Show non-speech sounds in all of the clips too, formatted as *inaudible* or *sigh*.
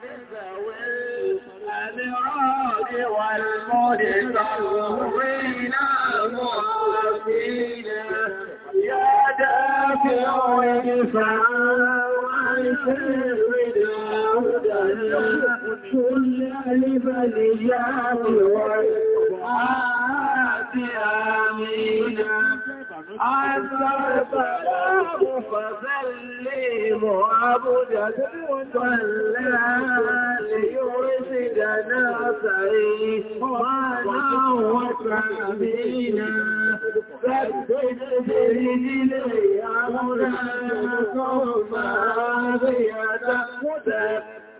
بذوي الأبرار والمتطهرين معافين يا دافع ادفع عنك الوداع كل البليات والقاعات آمين عز السلام فسلم عبدا صلى ليرشد نفعي ونوت بنا ثبت برجلي امرا ثم بيدا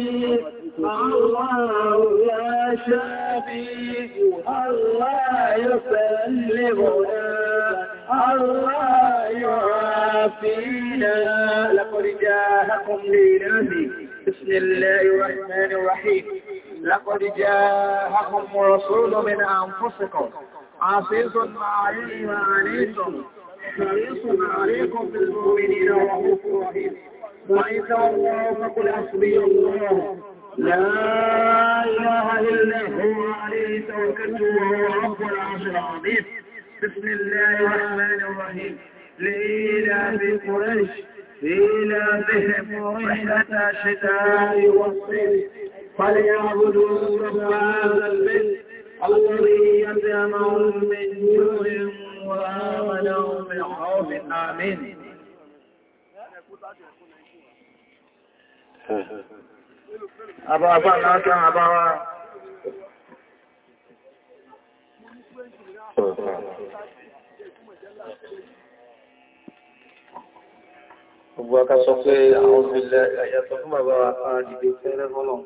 الله يا شفيع الله يسلمنا الله يعافينا لقد جاءكم لإلهي بسم الله الرحمن الرحيم لقد جاءكم رسول من أنفسكم عزيز عليه وعليكم حريص عليكم بالمؤمنين وهو رحيم وإن الله فقل حسبي الله لا إله إلا هو عليه توكلت وهو رب العرش العظيم بسم الله الرحمن الرحيم لإيلاف قريش إيلافهم رحلة الشتاء والصيف فليعبدوا رب هذا البيت الذي يدعمهم من جوع وآمنهم من خوف آمين àbábá látà àbáwá Gbogbo aka sọ pé àwọn ìbílẹ̀ ẹ̀yàtọ̀ fún bàbá àdìdè fẹ́rẹ́ fọ́lọ̀.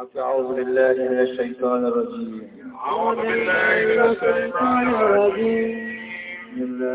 Àpẹ àwọn ìbílẹ̀ ilẹ̀ ṣe ìtọ́ ẹ̀rọ jí. Àwọn ìbílẹ̀ ilẹ̀ ṣe ìtọ́ ẹ̀rọ jí. Ilẹ̀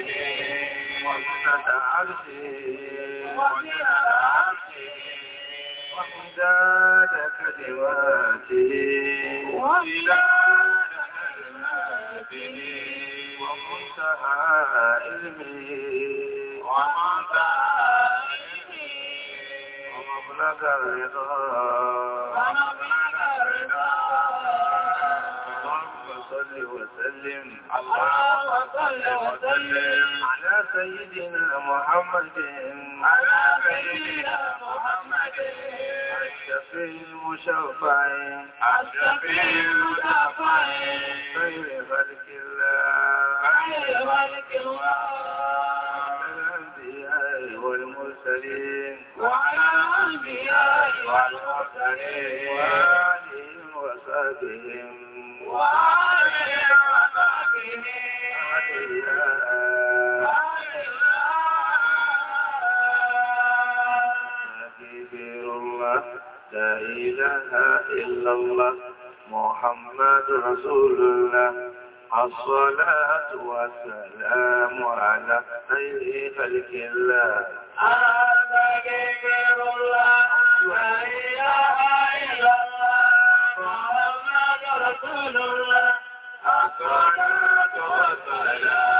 وزنة عرشه وزنة عرشه ومداد كلماته ومداد كلماته ومنتهى علمه ومنتهى علمه ومبلغ الرضا ومبلغ وسلم اللهم صل وسلم على سيدنا محمد على سيدنا محمد الشفيع المشفع الشفيع المشفع خير خلق الله خير خلق الله الأنبياء والمرسلين وعلى الأنبياء والمرسلين وآلهم وصحبهم لا إله إلا الله محمد رسول الله الصلاة والسلام على خير خلق الله أستغفر الله لا إله رسول الله الصلاة والسلام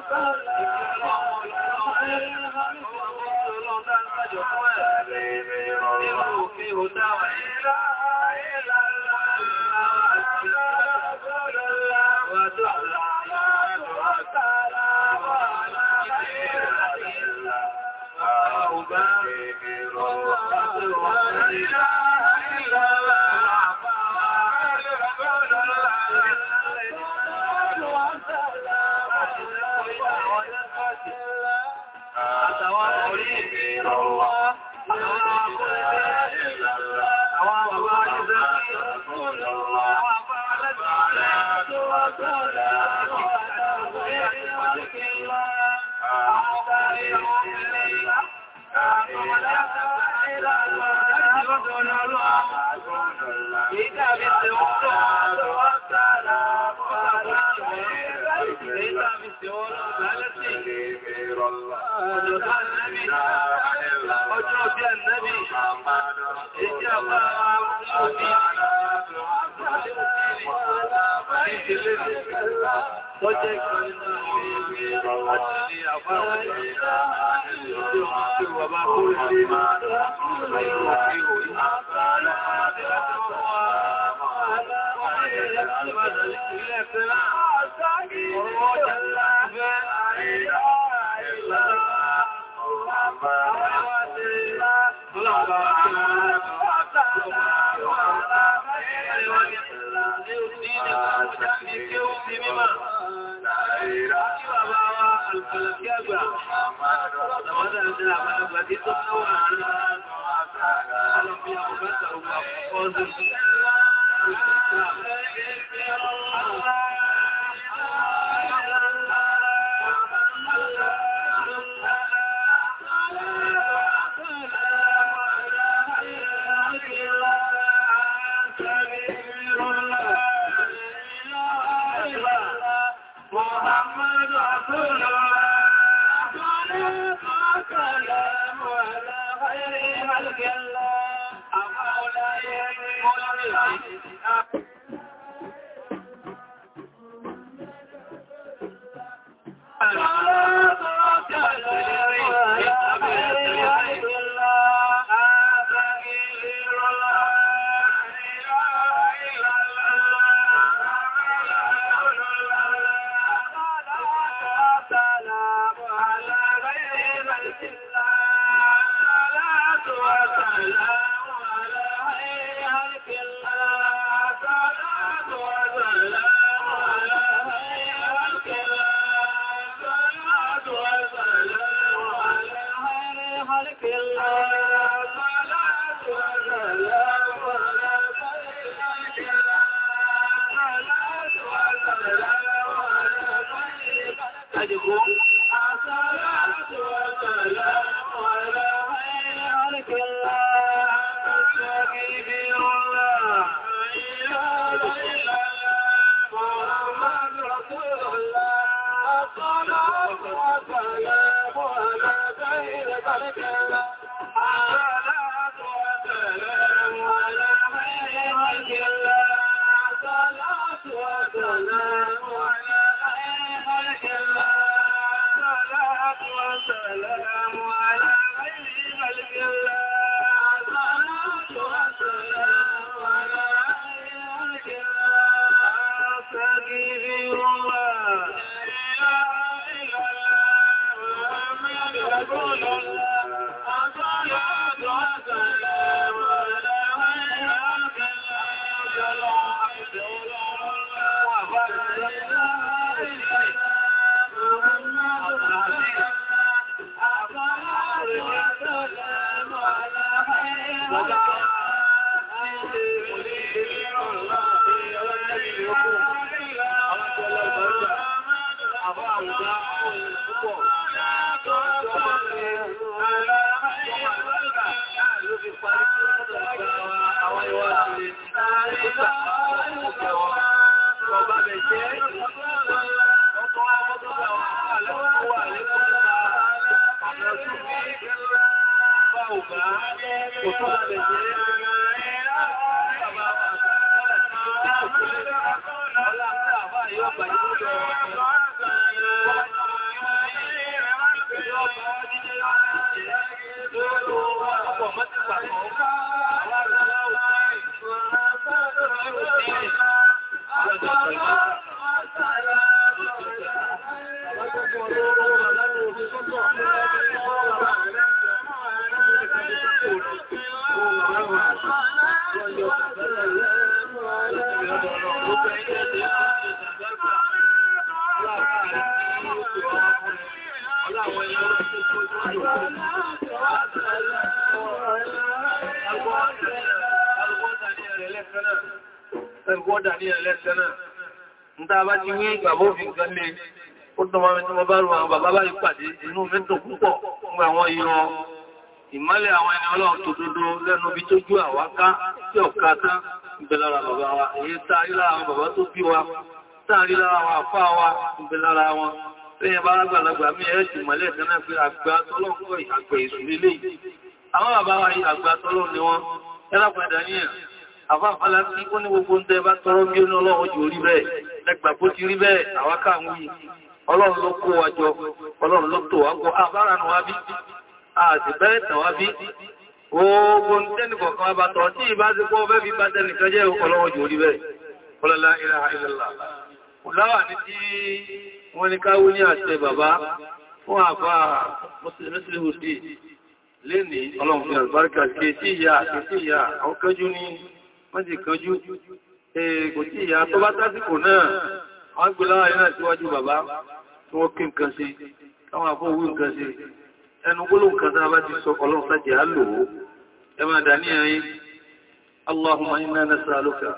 Thank you. وما قلت ما أصير إلا ti wí bàbá òfin kan lè ó dọ́mọ́ mi tí mo bá rú àwọn bàbá bá ìpàdé inú mẹ́tò púpọ̀ nígbà wọn yọ ìmọ́lẹ̀ àwọn ẹni ọlọ́run tó dúdú lẹ́nu bí tó jú àwáká tí ọ̀ká tán ìbẹ̀lára bàbá wa èyí táàrí lára àwọn bàbá tó bí wa táàrí lára àwọn àfá wa ìbẹ̀lára wọn lẹ́yìn bá lágbàlagbà mí ẹ̀ẹ́sì mọ́lẹ̀ tẹ́lá pé àgbà tọ́lọ́pọ̀ àgbẹ̀ ìsúlélé àwọn ni wọ́n tẹ́lápàdà ní ẹ̀ àfáfàlá tí ó ní gbogbo ẹgbà bó ti rí bẹ́ẹ̀ àwákà ń wí ọlọ́run ló kó wa jọ ọlọ́run ló tò wá gbọ́ àbáranù wá bí àti bẹ́ẹ̀ tàn wá bí gbogbo tẹ́nìkọ̀kan wá bá tọ̀ tí ìbá ti kọ́ fẹ́ fi bá tẹ́nìkan jẹ́ ọlọ́run jù rí bẹ́ẹ̀ ọlọ́lá ilaha illallah láwà ní tí wọ́n ní káwú ní àṣẹ bàbá fún àbá mùsùlùmí sí lè ní ọlọ́run fi àlùbáríkà sí ìyá ọkẹ́jú ní mọ́jì kanjú kò tí ìyá tó bá tásìkò náà wọ́n gbé láwárí náà síwájú bàbá tí wọ́n kí nǹkan sí káwọn àfọ́ owó nǹkan sí ẹnu gbólóhùn kan tí bá ti sọ ọlọ́run á lò ó ẹ máa dà Allahumma inna nas'aluka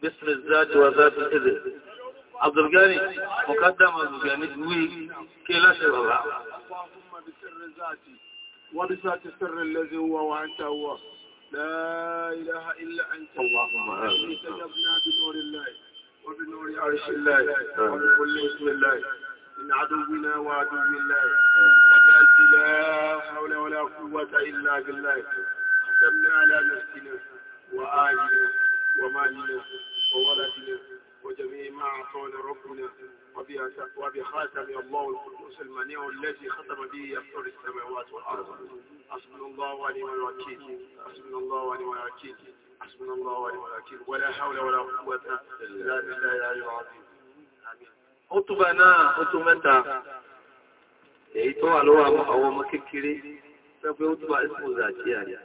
bismi zaji wa zaji ẹ̀dẹ̀ Abdulgani muqaddam Abdulgani wí kí láṣẹ bàbá Wọ́n ní sáà ti fẹ́rẹ̀ lẹ́zẹ̀ wọ́n wá ń ta wọ́n. لا إله إلا أنت اللهم استجبنا بنور الله وبنور عرش الله وبكل اسم الله من عدونا وعدو الله وبأس لا حول ولا قوة إلا بالله قدمنا على نفسنا وآلنا ومالنا وولدنا وجميع ما أعطانا ربنا وبخاتم الله القدوس المنيع الذي ختم به يفطر السماوات والأرض حسبنا الله ونعم الوكيل حسبنا الله ونعم الوكيل حسبنا الله ونعم الوكيل ولا حول ولا قوة إلا بالله العظيم آمين خطبة náà خطبة mẹ́ta èyí tó wà lọ́wọ́ àwọn ọmọ kékeré lọ́pẹ́ ó túbà ìsìnkúzà àti àyà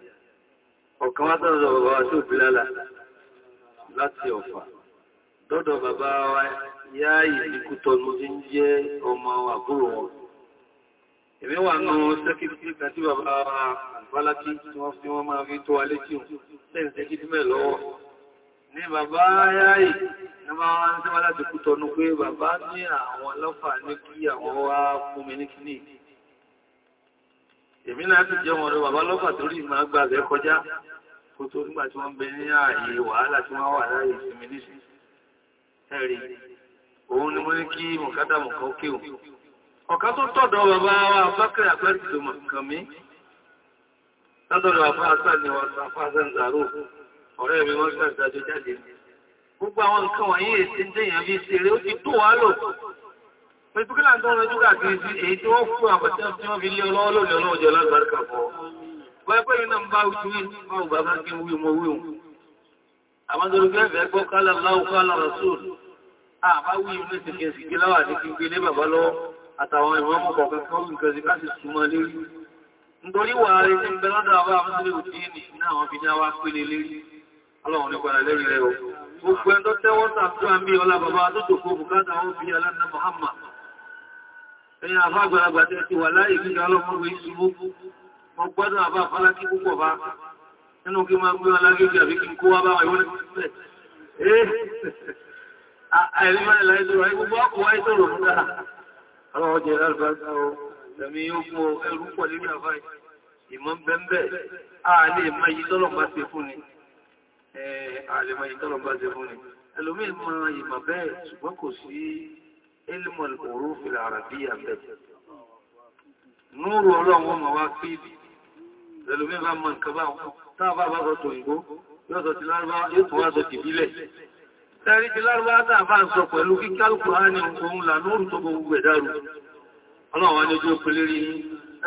ọ̀kan wá sọ́dọ̀ bàbá wa tó bí lálà láti ọ̀fà dọ́dọ̀ bàbá wa yáà ìdíkútọ́ ló jẹ́ ọmọ àbúrò wọn èmi wà ní sẹ́kìtì kàtí bàbá àfálákí tí wọ́n fi wọ́n máa fi tó alé tí òun sẹ́kìtì mẹ́ lọ́wọ́ ní bàbá ayáyì ní máa wá ń sẹ́wà láti kú tọnu pé bàbá ní àwọn lọ́fà ní kí àwọn wá fún mi ní kíní èmi náà ti jẹ́ wọn rẹ̀ bàbá lọ́fà torí máa gbà bẹ́ kọjá kó tó ọ̀ká tó tọ̀dọ̀ bàbá wa bákẹ̀rẹ̀ àgbẹ́sì tó mọ̀kànmí látọ̀dọ̀ àfáàsá ni wọ́n sáfáàsá ń zàrò ọ̀rẹ́ mi wọ́n sáàjájọ jáde gbogbo àwọn nǹkan wọ̀nyí èsì jẹ́yàn bí ṣeré ó ti tó wá lò pẹ̀lúkílà tó rọjú káàkiri sí èyí tí wọ́n fún àpàtẹ́ tí wọ́n fi lé ọlọ́wọ́ lónìí ọlọ́wọ́ jẹ́ lágbàrúkà fọ́ báyẹ́ pẹ̀lú náà bá ojú bá ò bàbá kí wí mo wí òun àwọn dorúgbẹ́ ẹ̀fẹ́ gbọ́ kálà láwùkọ́ alárasúl àbáwí yìí ní ti kẹsì kí láwà ní àtàwọn ìwọ̀n mọ̀kọ̀ kankan nǹkan sí káṣì súnmọ́ lérí nítorí wà rí ní bẹ́lọ́dọ̀ àbá àmúsílẹ̀ òdí ní àwọn fi dáwà pélé lérí ọlọ́run ní padà lérí rẹ̀ gbogbo ẹn tó tẹ́wọ́ sàtúrà Muhammad ẹ̀yìn àbá àgbàlagbà tẹ́ ti wà láyé kí ọlọ́mọrù ìṣubú wọn gbọ́dọ̀ àbá falákí púpọ̀ bá nínú kí máa gbé wọn lágéjì àbí kí n kó wá bá wọn *laughs* àwọn ọjọ́ ìlàlùbáṣà o ẹ̀mí ogun ẹrù pọ̀ lórí àfáì ìmọ̀ bẹ́m̀bẹ̀ ààlè mayí tọ́lọ̀mbá ṣe fún ni ẹlòmí ma ìmọ̀ bẹ́ẹ̀ ṣùgbọ́n kò sí ilmọ̀ òru fìlà àràbí àbẹ̀ núrù ọlọ́run ma wá píìbì ẹlòmí bá mọ̀ nǹkan bá táà bá bá sọ tòyìnbó yóò sọ ti lárúbá yóò tó wá sọ Tẹ́rí ti lárúbá tàbá ń sọ pẹ̀lú kíkà Al-Kùránì ohun lànóòrù tó gbogbo ẹ̀dàrù. Ọlọ́run wá ní ojú òpèlé rí.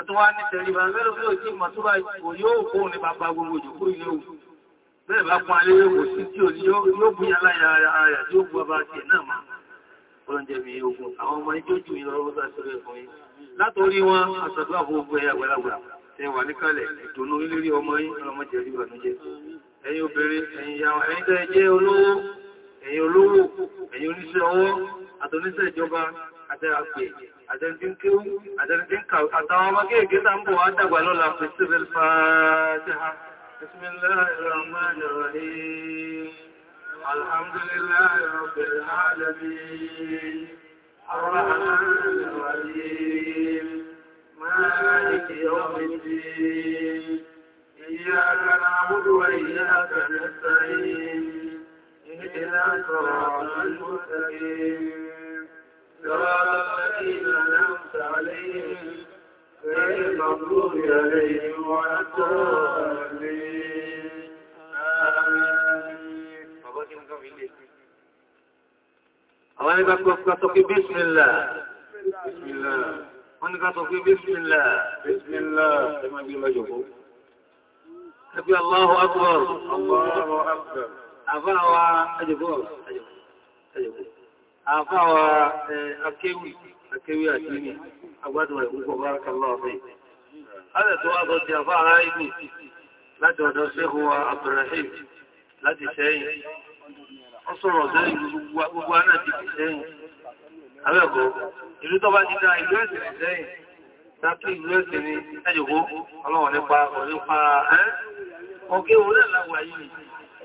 Ẹ̀tọ́ wá ní tẹ̀ríbà mẹ́lò bí òjí ìmọ̀túbà ìpò yóò kó ní bàbá gbogbo òjòkó ilé òun. Bẹ́ẹ̀ bá pọn alé yóò sí tí ò ní yóò bú yà láyà ara tí ó bú bàbá tiẹ̀ náà máa. Ọlọ́njẹ́ mi ogun, àwọn ọmọ ijó bá gbogbo ẹ̀yà àgbàlagbà ilé rí ẹ̀yin olówó ẹ̀yin oníṣẹ́ ọwọ́ àtọ́níṣẹ́ ìjọba àtẹ́ràpẹ̀ àtẹ́rìndínkẹ́wú àtẹ́rìndínkàwú àtàwọn ọmọ kéèkéé tàà ń bọ̀ wá dàgbà lọ́la pẹ̀sẹ̀bẹ̀ fàájá bismillahir rahmanir rahim alhamdulillahi rabbil alamin arrahmanir rahim maliki yawmiddin iyyaka إلى صراط المستقيم صراط الذين أنعمت عليهم غير المغضوب عليهم ولا الضالين Àwọn ẹgbà pọ̀pọ̀ tó kí bísmìlá. Bísmìlá. Wọ́n ni ká tó kí bísmìlá. Bísmìlá. Ẹ máa gbé lọ́jọ̀ fún. Ẹ àfáwà ajẹ́bọ̀ àfáwà akéwì akéwì àti ní agbádùn rẹ̀ bá kàlọ́ ọ̀fẹ́ alẹ́ tó wá sọ ti àfáwà ibi láti ọ̀dọ̀ sẹ́kù wa láti sẹ́yìn ó sọ̀rọ̀ sẹ́yìn gbogbo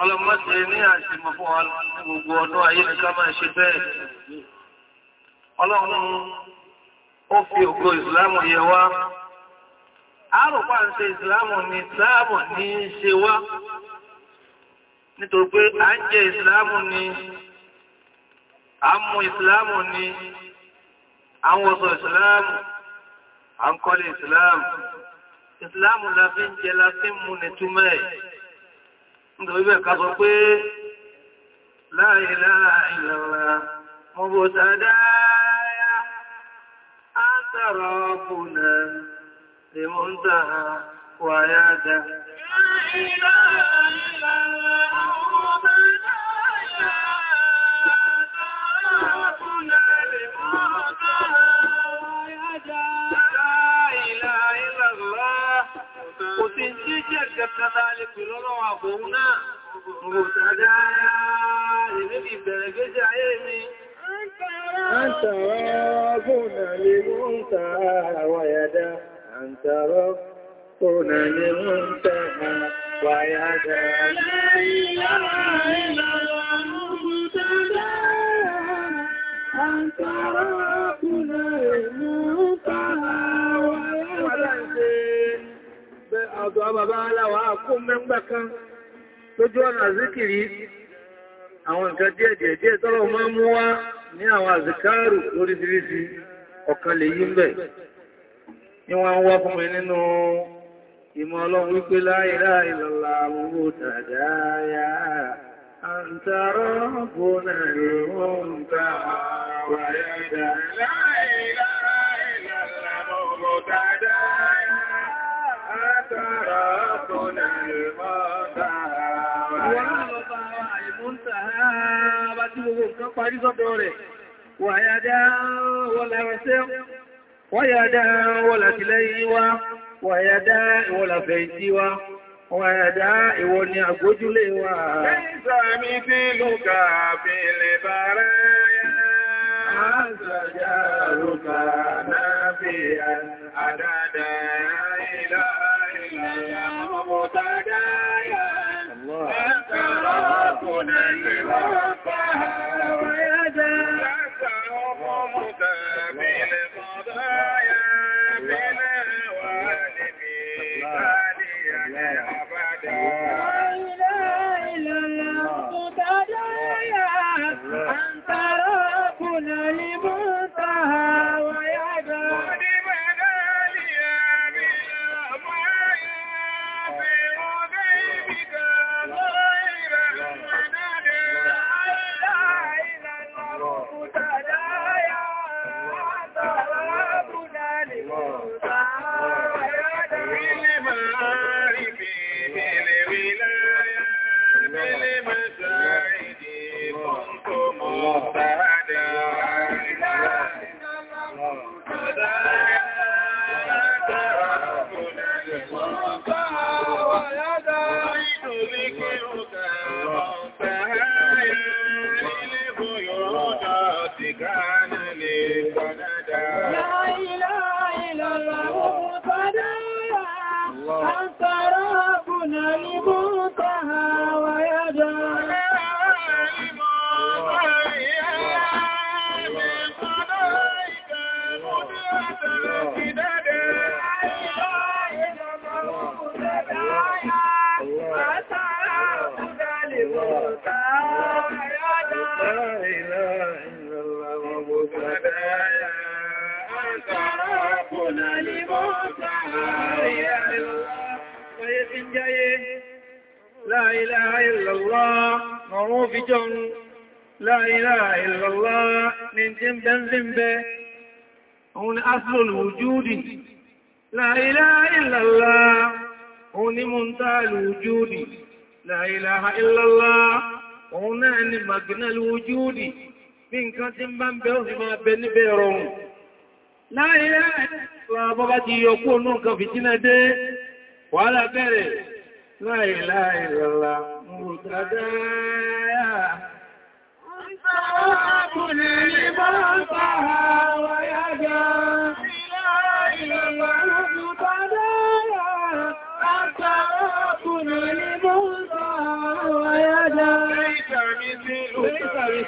ọlọ́mọ́sẹ̀ ní àṣìmọ̀ fún wa ní gbogbo ọdún ayé ní ká máa ṣe bẹ́ẹ̀ ọlọ́run ó fi ògo ìsìláàmù yẹ wá àrùpá ń ni ìsìláàmù ní ìsìláàmù ní ṣe wá nítorí pé a ń jẹ ìsìláàmù ní a ń mu ìsìláàmù ní a ń wọṣọ ìsìláàmù a ń kọ́lé ìsìláàmù ìsìláàmù la fi ń jẹ la fi ń mu nìtúmọ̀ ẹ̀ nítorí bẹ́ẹ̀ ká sọ pé la ilaha illallah mubtadaya atarafuna limuntaha ya كذلك لọ́rọ̀ àbòun náà, mọ̀tàdá ìrìnlẹ̀ ìbẹ̀rẹ̀ gẹ́jẹ́ ayé mi. أنت ربنا للمنتهى ويدا أنت ربنا للمنتهى ويدا لا إله إلا الله أنت ربنا للمنتهى ọ̀dọ̀ bàbá aláwà kó mẹ́gbà kan lójú ọ̀nà àzíkìrí àwọn nǹkan díẹ̀ díẹ̀ tọ́rọ máa mú wá ní àwọn àzíkárù lóríṣiríṣi ọ̀kan lè yí mbẹ̀ ní wọ́n wá fún سكراتنا الموتى Wàyádá wọ́la rẹ̀ṣẹ́, wàyádá wọ́la tìlẹ́yìn wá, wàyádá ìwọ́la fẹ̀yìntì wá, wàyádá ìwọ ni àgbójúlé wá. Ìsàmì tí lùkà fi lè bára yá, àzàjá lùkà náà fi àdádá yá. مقتدايا أنت ربنا الوفاء ويا illallah òun náà ni magnal wujudi bí nǹkan tí ń bá ń bẹ ó sì máa bẹ níbẹ̀ rọrùn láyé bọ́bá ti yọ kó náà kan fìtínà dé wàhálà bẹ̀rẹ̀ láyé láyé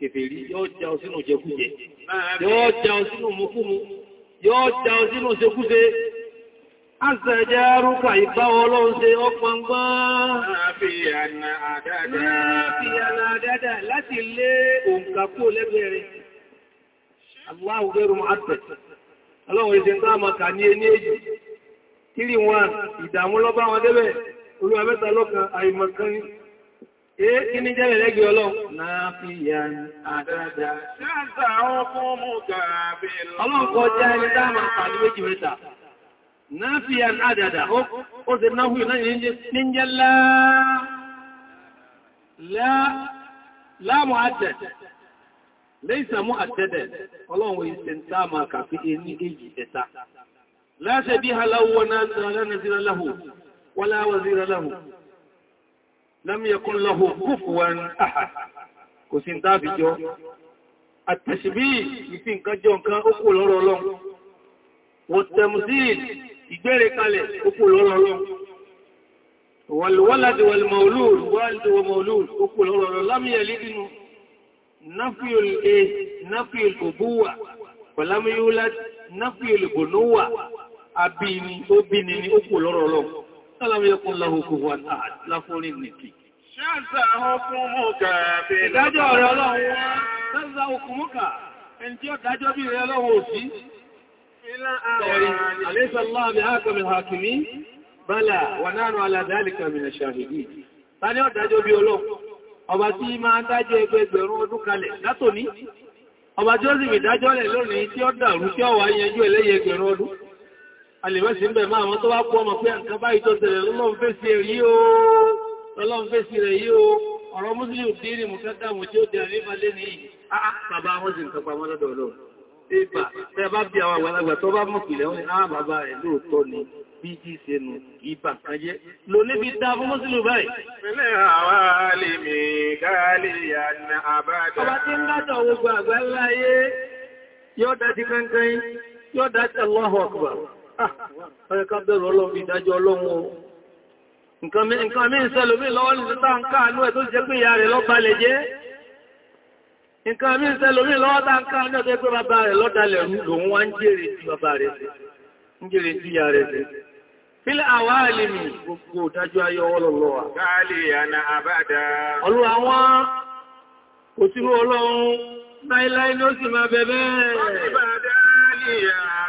kèfèrí yóò já ọ sínú jẹkújẹ yóò já ọ sínú yóò já ọ sínú ṣekúṣe Àṣẹjẹ́ arúkà ìbá ọlọ́run ṣe ọpọngbọ́n. Àfi láti lé òǹkà wọn lọ́bá wọn débẹ̀, olúwa mẹ́ta àìmọ̀kan Kí ní jẹ́ lẹ́gbẹ̀ẹ́ ọlọ́run? Náà fi yà ní àdájá. Ṣáàtà àwọn fún mú kààbí lọ. Ọlọ́run kọ jẹ́ ẹni dáàmà pàdé méjì mẹ́ta. Náà fi yà ní àdájá. Ó ti náà hùn náà ní jẹ́ láàmù Lẹ́ìsàmú Ọlọ́run لم يكن له كفوا أحد كسين دابجو التشبيه يفين كجون كان أقول لرولون والتمثيل يجري كالي أقول لرولون والولد والمولود والد ومولود أقول لرولون لم يلد نفي نفي الأبوة ولم يولد نفي البنوة أبيني أبيني أقول لرولون Tọ́lọ́mí ẹkùn lọ́hùkù wà náà láfórí nìkì. Ṣáàtà ọkùnmùkà bèèrè. Ìdájọ́ rẹ̀ ọlọ́run wọ́n, ṣáàtà ọkùnmùkà, ẹni tí ó dájọ́ bí rẹ̀ ọlọ́run òsí. Ilá ààrẹ. Àlésàlá bí hákàmì hákìmí, bálà wà náà aládálìkà mi nà ṣàhìdì. Ta ni ó dájọ́ bí ọlọ́run? Ọba tí máa dájọ́ ẹgbẹgbẹ̀rún ọdún kalẹ̀ alèmọ́sí ń bẹ̀ máa wọn tó wá pọ́ ọmọ pé ǹkan báyìí tó tẹ̀lẹ̀ lọ́lọ́run fèsì rí o lọ́lọ́run fèsì rẹ̀ yí o ọ̀rọ̀ mùsùlùmí tí rí mùkẹ́dàmù tí ó dẹ̀ rí balẹ̀ ní ah, ah, bàbá wọn sì ń kọpa wọn lọ́dọ̀ lọ ìgbà tẹ́ bá bí àwọn àgbàlagbà ni àwọn ah, bàbá rẹ̀ lóòótọ́ ni bí i ṣe nù ìbà kan jẹ́ lò níbi dá fún mùsùlùmí báyìí yóò dá kankan yóò dá Allahu Akbar ọ̀yẹ́ ká bẹ̀rù ọlọ́run ìdájọ́ ọlọ́run o nǹkan mí ń sẹ́lò mí lọ́wọ́ ní títà ń káànú ẹ̀ tó jẹ́ pé ìyá rẹ̀ lọ́balẹ̀ jẹ́ nǹkan mí ń sẹ́lò mí lọ́wọ́ tá ń káànú ẹ̀ tó jẹ́ pé bàbá rẹ̀ lọ́dalẹ̀ lòun wá ń jèrè Fílẹ̀ àwá àlèmì gbogbo ìdájú ayọ́ ọlọ́lọ́wà. Káàlì àna àbádá. Ọlú àwọn òsìrò ọlọ́run láíláí ló sì máa bẹ̀bẹ̀. Ọlú àbádá lè yà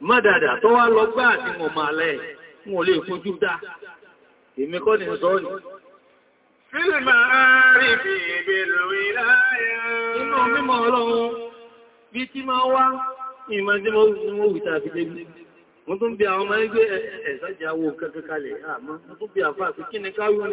mọ́dàdà tó wá lọ gbá àti mọ̀ máa lẹ́ wọn lè fojú dá èmi kọ́ ni sọ ní fílmà rí fi ìbèlò ìláyà inú mímọ̀ ọlọ́run bí tí máa wá ìmọ̀ tí mọ́ wùta fi débi wọ́n bí àwọn ọmọ ẹgbẹ́ àmọ́ wọ́n bí àfáà fi kí ni káwí wọn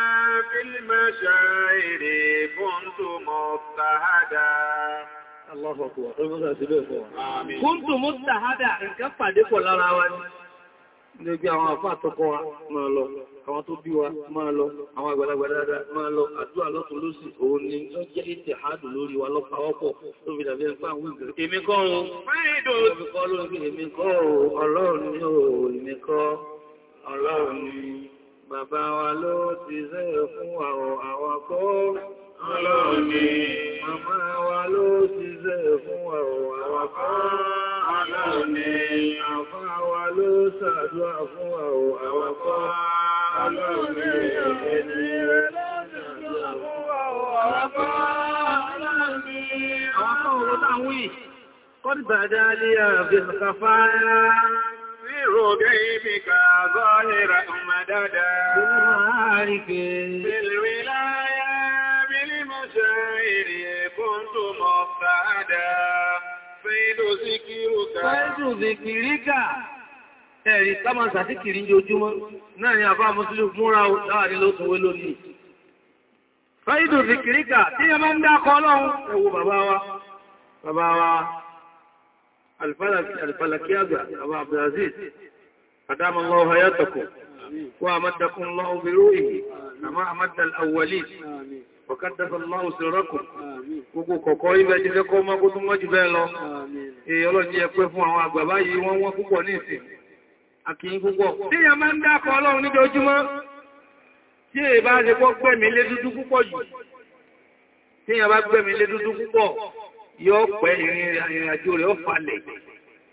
في المشاعر كنت مضطهدا Allahu akbar, ọmọ ọ̀sán ti bẹ́ fún wa. Kúntù mú tàhádà, nǹkan pàdé pọ̀ lára wa ní. Nígbé àwọn àfá àtọ́kọ́ wa máa lọ, àwọn tó bí wa máa lọ, àwọn àgbàlagbà dáadáa máa lọ, àdúrà lọ́tún lósì òun ni ó jẹ́ ìtẹ̀ àádù lórí wa lọ́pàáwọ́pọ̀ tó fi dàbí ẹgbà àwọn ìgbèrè. Èmi kọ́ Bàbá wa ló ti ṣe fún àwọn àwakọ́. Ọlọ́run ni. Màmá wa ló ti ṣe fún àwọn àwakọ́. Ọlọ́run ni. Àfá wa ló ṣàdúrà fún àwọn àwakọ́. Ọlọ́run Ẹni rẹ̀ ló fún àwọn àwakọ́. Ọlọ́run Àwọn سر جيبك ظاهرا مددا بالمعارف في الولاية بالمشاعر كنت مفعدا فيد ذكرك فيد ذكرك ẹ̀rí tábà sàtíkìrí ní ojúmọ́ náà ni àbá mùsùlùmí múra láàrin ló tún wé lónìí fẹ́ìdù zikirika tí ń dákọ́ ẹwọ bàbá wa bàbá wa الفلك يابع أبو عبد العزيز قدام الله حياتكم وأمدكم الله برؤه كما أمد الأولين وكدف الله سركم gbogbo kọ̀kọ́ ibẹ̀ ti fẹ́ kọ́ mọ́ kó tún lọ èyí ọlọ́dí ẹ̀pẹ́ fún àwọn àgbà báyìí wọ́n wọ́n púpọ̀ ní ìsìn àkíyí púpọ̀ tí èyàn máa ń dákọ̀ ọlọ́run níjọjúmọ́ tí èyí bá ṣe pọ́ gbẹ̀mí dudu dúdú púpọ̀ yìí yóò pẹ́ ìrìnàjò rẹ̀ ó falẹ̀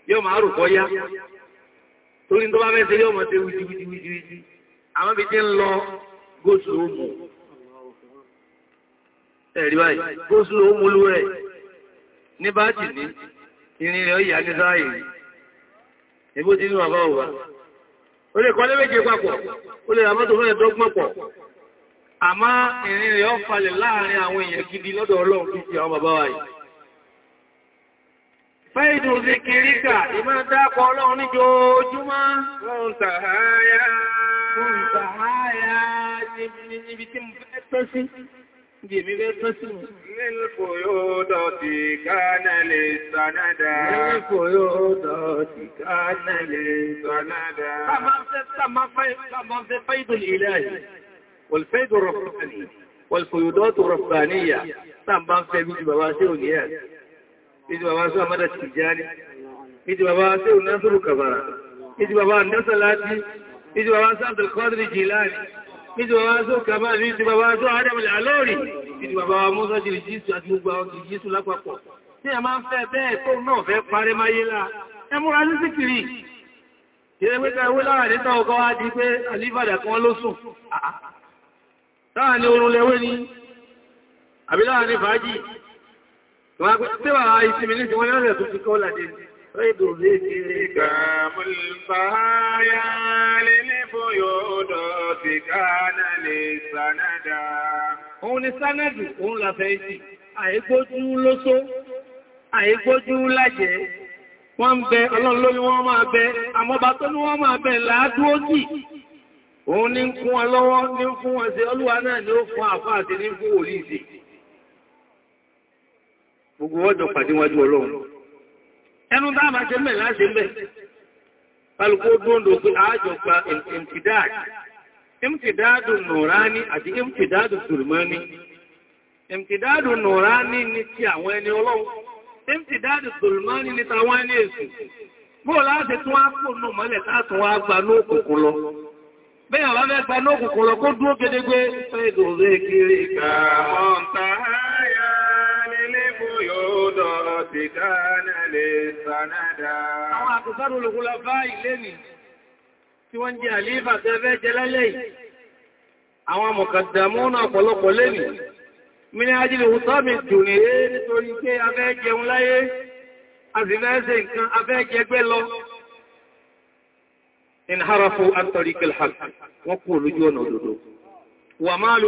yóò máa rùkọ́ yá torí tó bá fẹ́ yóò mọ̀ sí wìjìwìjìwìjì àwọn bí tí ń lọ góòsù òmù ẹ̀rí báyìí góòsù òmù lú rẹ̀ ní bá jì ní ìrìn rẹ̀ ó yà ní sáàyè wa Fẹ́ìdù zikirika, ìmá dápọ̀ ọlọ́run ní jojúmọ́. Wọ́n tàháyá. Wọ́n tàháyá níbi tí mo fẹ́ tọ́ sí. Ibi èmi fẹ́ tọ́ sí mú. Nílùkò yóò dọ̀tí kánẹ̀lẹ̀ sànádà. Nílùkò yóò dọ̀tí kánẹ̀lẹ̀ sànádà. Tàbá fẹ́ fẹ́ìdù ìlàyé, wọ̀lfẹ́ìdù rọ̀fẹ́ ìdí bàbá sọ àmọ́dà Tìjání ìdí bàbá sẹ́hùn Násírù Kabara ìdí bàbá Násàlájí ìdí bàbá sọ Abdulkadir Jilani ìdí bàbá sọ Kabari ìdí bàbá sọ Adamul Alori ìdí bàbá Musa Jirijisu àti gbogbo àwọn Jirijisu lápapọ̀ tí ẹ máa ń fẹ́ bẹ́ẹ̀ tó náà fẹ́ parí máyé láà ẹ múra ní síkìrì ìrẹ́gbẹ́ta ewé lára nítàn ọkọ̀ wá di pé alíbàdà kan ló sùn láàrin orun lẹ́wé ni àbí láàrin fàájì Wọ́n gbé tí wà ìsinmi ní ìwọ́n lọ́rẹ̀ tó fi kọ́ làdé rédò lè kéré gàmùlùfàáyà lè ní fòyò ọ̀dọ̀ ni sánádù, òun làfẹ́ àìgbójú lóso, wọ́n ń bẹ ọlọ́run wọ́n máa bẹ, àmọ́bà tó ní wọ́n máa bẹ láàdúó jì òun ní ń kún wọn lọ́wọ́ ní ń fún wọn sí ọlúwa náà ni ó fún àfáà àti ní fún òlìsì gbogbo ọjọ́ pàdé wájú ọlọ́run ẹnu bá máa ṣe mẹ́ láti mẹ́ pàlùkó dóndò pé ààjọ pa ìmtìdáàdì ìmtìdáàdù nùrání àti ìmtìdáàdù tùrùmọ́ní ìmtìdáàdù nùrání ni ti àwọn ẹni ọlọ́run ìmtìdáàdù tùrùmọ́ní ni tàwọn ẹni èṣù bóò láti tún á pò nù mọ́lẹ̀ táàtún wá gba lóòkùnkùn lọ bẹ́ẹ̀ wá mẹ́gbà lóòkùnkùn lọ kó dúó gedegbe fẹ́ ìdòrè kiri ìkà ọ̀ntàá القدرة كان للسندا àwọn àkùsọ́rù olùkúlọ bá ilé nì tí wọ́n jẹ́ àlífà tẹ́fẹ́ jẹ lálẹ́ àwọn mọ̀kàdàmú náà pọ̀lọpọ̀ lẹ́nì mini ajílẹ̀ òsọ́mì tùnì é nítorí pé afẹ́ jẹun láyé azìlẹ́ẹ́sẹ̀ nǹkan afẹ́ jẹgbẹ́ lọ inharafu antarikil haq wọ́n kú olójú ọ̀nà òdodo wà máa lò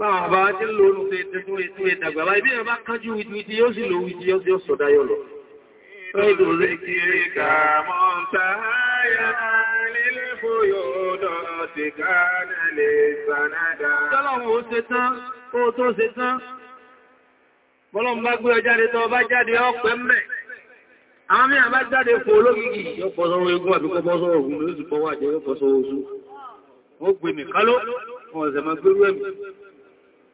Báwọn bá tí ń lò ó ṣe tẹ́kún ètò ìdàgbà láì bí ẹ̀bá kánjú wìtìwìtì yóò sì lò wìtì yóò sí ọ̀sọ̀dá yọ lọ. Ọdún lè kiri ká mọ́ sáyà nílé fòyò ọdọ̀ ti ká nílé sànádà. Tọ́lọ̀wọ̀n ó ṣe tán, ó tó ṣe tán. Bọ́lọ́m bá gbé ọjáde tọ́ bá jáde ọpẹ́ mẹ́. Àwọn mìíràn bá jáde fò ológìgì yóò pọ̀ sọ́rọ̀ egun àbíkọ́ bọ́ sọ́rọ̀ ògùn lóṣù pọ̀ wà jẹ́ yóò pọ̀ sọ́rọ̀ oṣù. Wọ́n gbé nìkáló, wọ́n ọ̀sẹ̀ máa gbérú ẹ̀mí.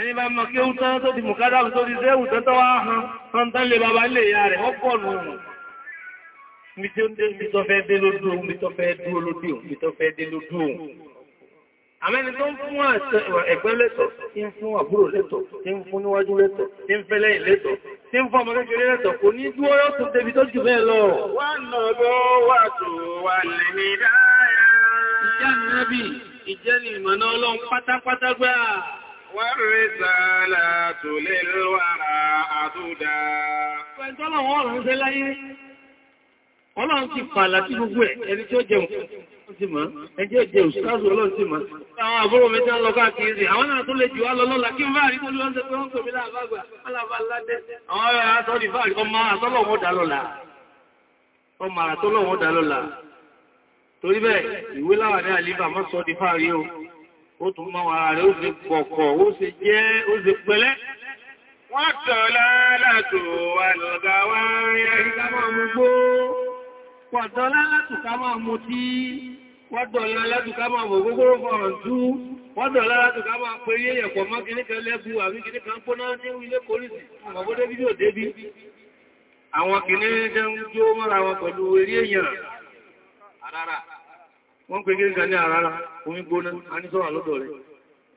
ẹni bá mọ̀ kí ó tán tó ti mùkádàbù tó ti sẹ́wù tó tọ́ wá hàn tán tán lè bàbá lè ya rẹ̀ ọpọ̀ nù mi tí ó dé mi tó fẹ́ dé lójú ohun mi tó fẹ́ dúó lójú ohun mi tó fẹ́ dé lójú ohun àmẹ́ni tó ń fún ẹ̀gbẹ́ lẹ́tọ̀ tí ń fún àbúrò lẹ́tọ̀ tí ń fún níwájú lẹ́tọ̀ tí ìmọ̀nà ọlọ́run pátápátá gbáà والرسالات للورى عددا Ọlọ́run ọ̀rọ̀ ń ṣe láyé, ọlọ́run ti pààlà tí gbogbo ẹ̀, ẹni tí ó jẹun fún sí máa, ẹni tí ó jẹ òṣìṣàzò ọlọ́run sí máa. Àwọn àbúrò mẹ́ta lọ káàkiri, àwọn náà tó lè jù wá lọ lọ́la kí ń bá rí pẹ̀lú ọ́nṣẹ́ pé wọ́n pè mí láàbàgbà, alábàá ládẹ́. Àwọn ará sọ́dì bá rí ọmọ àtọ́lọ̀wọ́ dá lọ́la. Ọmọ àtọ́lọ̀wọ́ dá lọ́la. Torí bẹ́ẹ̀, ìwé láwà ní àlífà mọ́ sọ́dì fáàrí o ó tún mọ́ ara rẹ̀ ó ṣe kọ̀kọ̀ ó ṣe jẹ́ ó ṣe pẹ̀lẹ́ wọ́n tọ̀ lálàtò àlọ́gáwá ẹ̀rí ká máa mú gbó pọ̀tọ̀ lálàtò ká máa mú tí wọ́dọ̀ lálàtò ká máa mọ̀ gbogbo fọ̀rọ̀ tú wọ́dọ̀ lálàtò ká máa pè yé ẹ̀pọ̀ mọ́ kìníkan lẹ́bu àbí kìníkan póná ní ilé polisi ọ̀bọ̀dé bí yóò wọ́n pè gẹ́gẹ́ ní àrárá omi gbóná a ní sọ́wà lọ́dọ̀ rẹ̀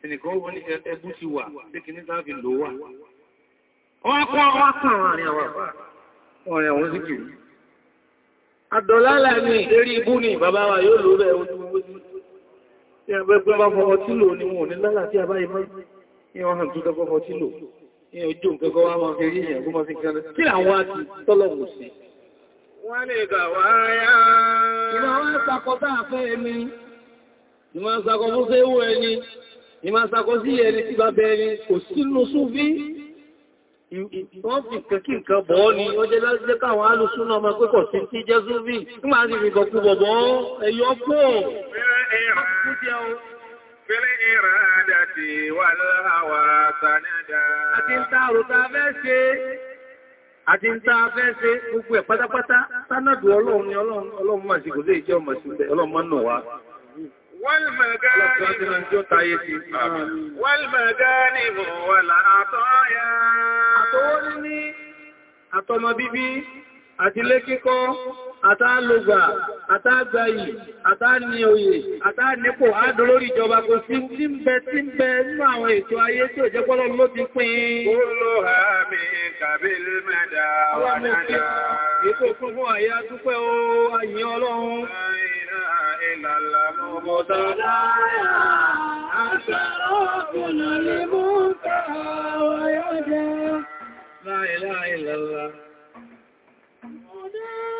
ẹnìkan wọ́n ní ẹbú ti wà tí kì ní sáàfin lò wà wọ́n kọ́ wọ́n kàn àárín àwọn àpá ọ̀rìn àwọn sí kìí àdọ̀lálà ní eré ibú ni bàbá wa yóò lò rẹ̀ ojú ojú tí a bẹ́gbẹ́ bá fọwọ́ tí lò ní wọn ò ní lálà tí a bá ìmọ́ ní wọn hàn tó dọ́gbọ́ fọwọ́ tí lò ní ojú nǹkan kọ́ wá máa fi rí ìyàn kó máa fi kẹ́lẹ̀ kí àwọn àti wọ́n lè gbà wá yá. Ìmọ̀ sakọ táàfẹ́ ẹni, ìmọ̀ sakọ fún séwò ẹni, ìmọ̀ sakọ sí ẹni tí bàbẹ̀ ẹni kò sínú súnfí. Wọ́n fi kẹ̀kí nǹkan bọ́ ni, ó jẹ́ láti káwọn alùsúnà ọmọ pẹ́kọ̀ sí tí jẹ́ súnfí. Nígbà ti fi gọ̀kú bọ̀bọ̀ ẹ̀yọ́ pọ̀. Fẹ́lẹ́ ìràdàtì wà lọ́wọ́ àwà sànádà. Àti ń tààrù ta fẹ́ ṣe àti ń tá a fẹ́ ṣe gbogbo ẹ̀ pátápátá sánàdù ọlọ́run ni ọlọ́run máa ṣe kò sí ìjọ ọmọ sí ọlọ́run máa nà wá wọ́n mẹ̀gáàrì àti ilé kíkọ́ àtàlògbà àtàgbàyì àtàní oyè àtànípò àádọ́ lórí ìjọba kò sí ní bẹ tí bẹ nínú àwọn ètò ayé tí ó jẹ́ pọ́lọ ló ti pín ó wà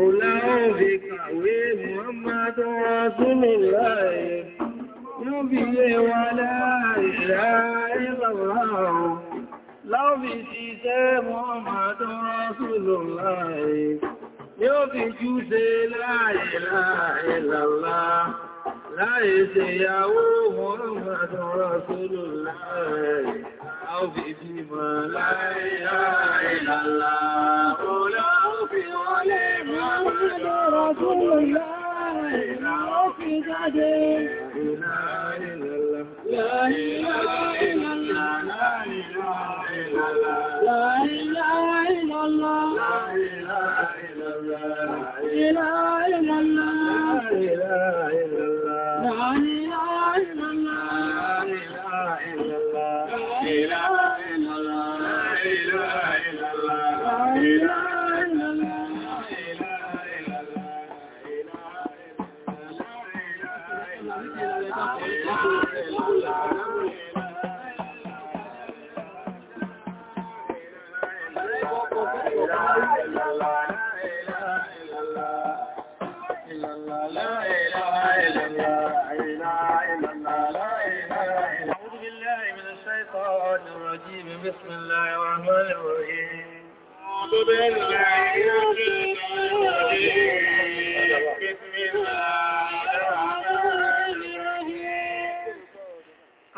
láwọn fi kàwé Muhammadu Rasulullah yóò fi yé wa láàrínlá ìlàwọ̀ láwọn fi ṣiṣẹ́ Muhammadu Rasulullah yóò fi jú ṣe láàrínlá ìlàlá bí mọ̀ láàrínlá ìlàlá محمد رسول الله في جدي لا إله إلا الله لا إله إلا الله لا إله إلا الله لا إله إلا الله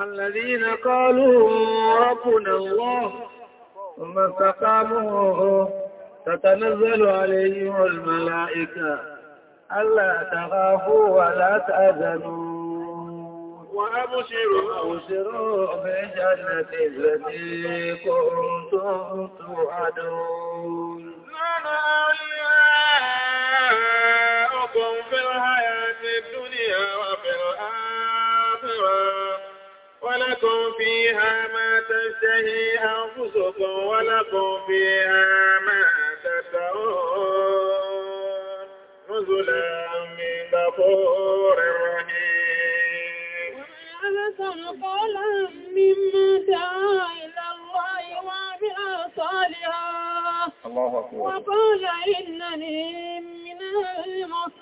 الذين قالوا ربنا الله ثم استقاموا تتنزل عليهم الملائكة ألا تخافوا ولا تأذنوا وأبشروا وأبشروا بجنة التي كنتم توعدون لكم في الحياة الدنيا وفي الآخرة ولكم فيها ما تشتهي أنفسكم ولكم فيها ما تشتهون نزلا من غفور رحيم ومن قولا مما دعا إلى الله وعمل صالحا الله أكبر وقال إنني من المصلحين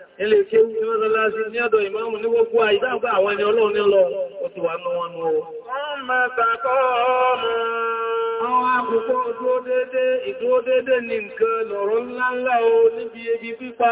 ilé ṣe ń fi sí ní ọ̀dọ̀ ìmáàmù ní gbogbo àìdáàgbà àwọn ẹni ọlọ́run ní lọ ó wà náà wọn wọ́n mẹ́ta ọmọ àwọn àkùkọ́ ìdúró déédé ní nǹkan lọ̀rọ̀ ńláńlá o níbi ebi pípa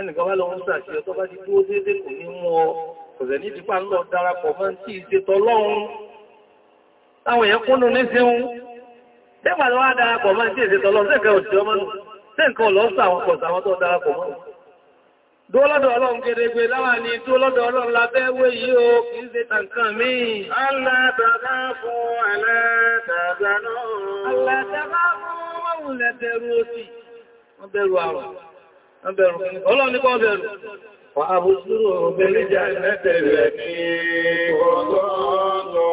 ẹnìkan wá lọ ń sàṣẹ ọ̀tọ́ bá ti dúró dédé kò ní mú ọ ọ̀sẹ̀ ní ìdípà ń lọ darapọ̀ mọ́ tí ìṣe tọlọ́run táwọn èèyàn kúnnù ní síhun tẹ́gbà lọ́wọ́ darapọ̀ mọ́ tí ìṣe tọlọ́run tẹ́kẹ̀ òjò ọmọ nù tẹ́ǹkan lọ sí àwọn pọ̀sà àwọn tó darapọ̀ mọ́ Dólọ́dọ̀ ọlọ́run gẹ́gẹ́ láwà ní dólọ́dọ̀ wọ́n bẹ̀rù àrùn. Ọbẹ̀rù, ọlọ́run ní kọ́ bẹ̀rù. Wà á bú súrò obìnrin jẹ́ mẹ́tẹ̀rẹ̀ ní ọlọ́run àjọ.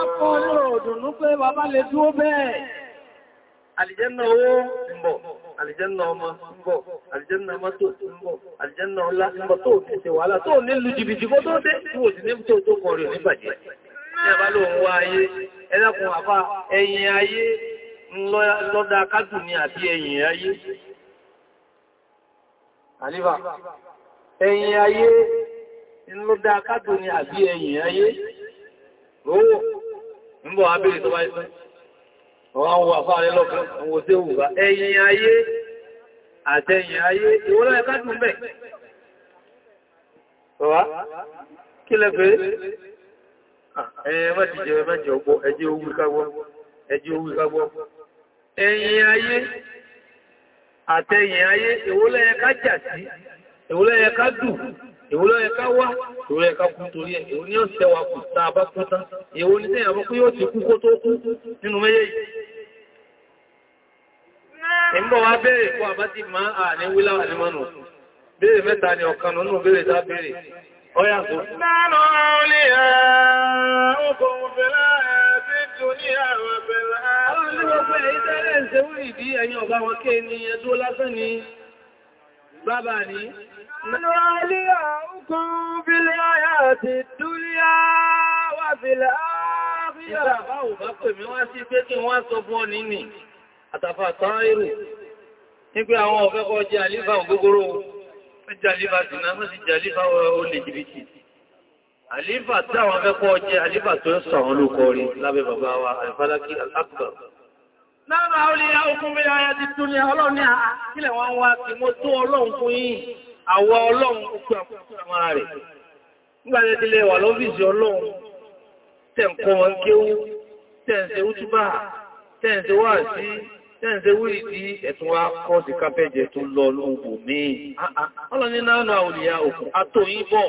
Àpọ̀lọ̀ òdùnú pé bàbá lè dúó bẹ́ẹ̀. Àlìjẹ́nà owó ń bọ̀, àlìjẹ́nà ọmọ ń bọ̀, àlìjẹ́nà mọ́tò ń bọ̀, àlìjẹ́nà ọlá ń bọ̀ tó ti ṣe wàhálà tó ní lu jìbìtì kó tó dé tí ò sí ní tó tó kọrin ní bàjẹ́. Ẹ̀bá ló ń wá ayé, ẹlẹ́kùn àfá ẹ̀yìn ayé, ńlọ́dá kádùn ní àbí ẹ̀yìn ayé àníbà ẹ̀yìn ayé inú dá kádò ní àbí ẹ̀yìn ayé owó níbọ̀ abẹ́rẹ̀ tó bá ìfẹ́ wọ́n wà fáà rẹ̀ lọ́kàn wò sí òwúgbà ẹ̀yìn ayé àtẹ̀yìn ayé ìwọ́lọ́ ẹ̀kádùn bẹ̀ kí àtẹ̀yìn ayé ìwólẹ́yẹ ká jà sí ìwólẹ́yẹ ká dù ìwólẹ́yẹ ká wá ìwólẹ́yẹ ká kú torí ẹ̀ ní ọ̀sẹ̀ wà kù tàà bá kú tán ní yóò ti kú kó tó kú nínú méjèèjì Bàbá ní, Nàlọ́lé àúkún fílé ayá àti dúlé wà fílé ààfíà. Ìgbàbá ò bá pè mí wá sí pé kí wọ́n sọ fún ọ nínì, àtàfà tán èrò, nígbé àwọn ọ̀fẹ́kọ́ jẹ́ àlífà ògógóró, jẹ́ àlífà sínà, jẹ́ àlífà olè jìbìtì àlífà tí àwọn afẹ́kọ́ jẹ́ àlífà tó ń sọ àwọn olókọ rí lábẹ́ bàbá wa alifalaki al'akbar lára olè okùnrin ayá ti tún ní ọlọ́run ní àkílẹ̀ wọn wá kí mo tó ọlọ́run fún yín àwọ ọlọ́run òkú àkókò rẹ̀ nígbàtẹ́ tí lè wà lọ́fíìsì ọlọ́run tẹ̀ǹkọ́ wọn kéwú tẹ̀ǹsẹ̀ útúbà tẹ̀ǹsẹ̀ wà sí tẹ́ǹsẹ̀ wúrì tí ẹ̀tún wá kọ́ sí kápẹ́jẹ tó lọ lóògbò míì ọlọ́ni náà náà olè okùn atóyìnbọ̀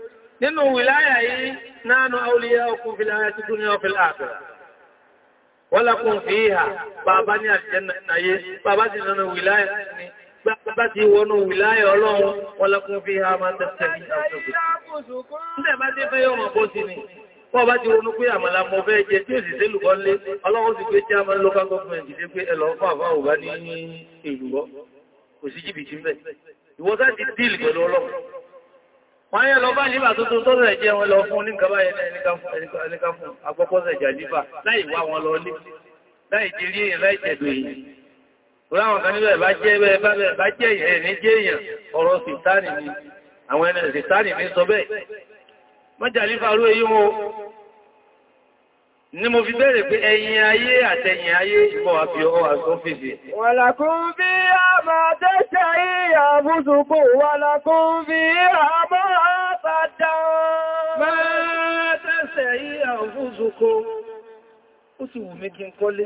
nínú wìláyà yìí nánú àwòlíyà ọkùn fi láyà tí dúnìyà fi wọ́n lákùn fi ìhà bàbá ní àjẹ́nàyé bàbá ti nánú wìláyà ní bàbá ti wọnú wìláyà ọlọ́run wọ́n lákùn fi ìhà máa tẹ́tẹ́ ní àjọ́gbẹ̀ Kò sí jìbìtì ń bẹ̀. ti díìlì pẹ̀lú ọlọ́run. wọ́n yẹ́ lọ bá níbà tó tó tó rẹ̀ jẹ́ wọn lọ fún ní kàbá ẹnika fún agbọ́pọ̀sẹ̀ jà níbà láì wá wọn lọ ní láì jẹ́ rí èyàn láì jẹ̀dù èyàn láwọn kan níbẹ̀ bá jẹ́ èyàn ọ̀rọ̀ sìtáàni ni àwọn ẹni sìtáàni ní sọ bẹ́ẹ̀ mọ́jà nífà rú ni mo fi bẹ̀rẹ̀ pé ẹ̀yìn ayé àtẹ̀yìn ayé ìbọn àfi ọwọ́ àsọ́fíìsì. Wàlàkún bí a máa tẹ́ṣẹ̀ ìyà búsùkú, wàlàkún bí a máa tàdá. Máa tẹ́ṣẹ̀ ìyà búsùkú, ó sì wù mí kí n kọ́lé.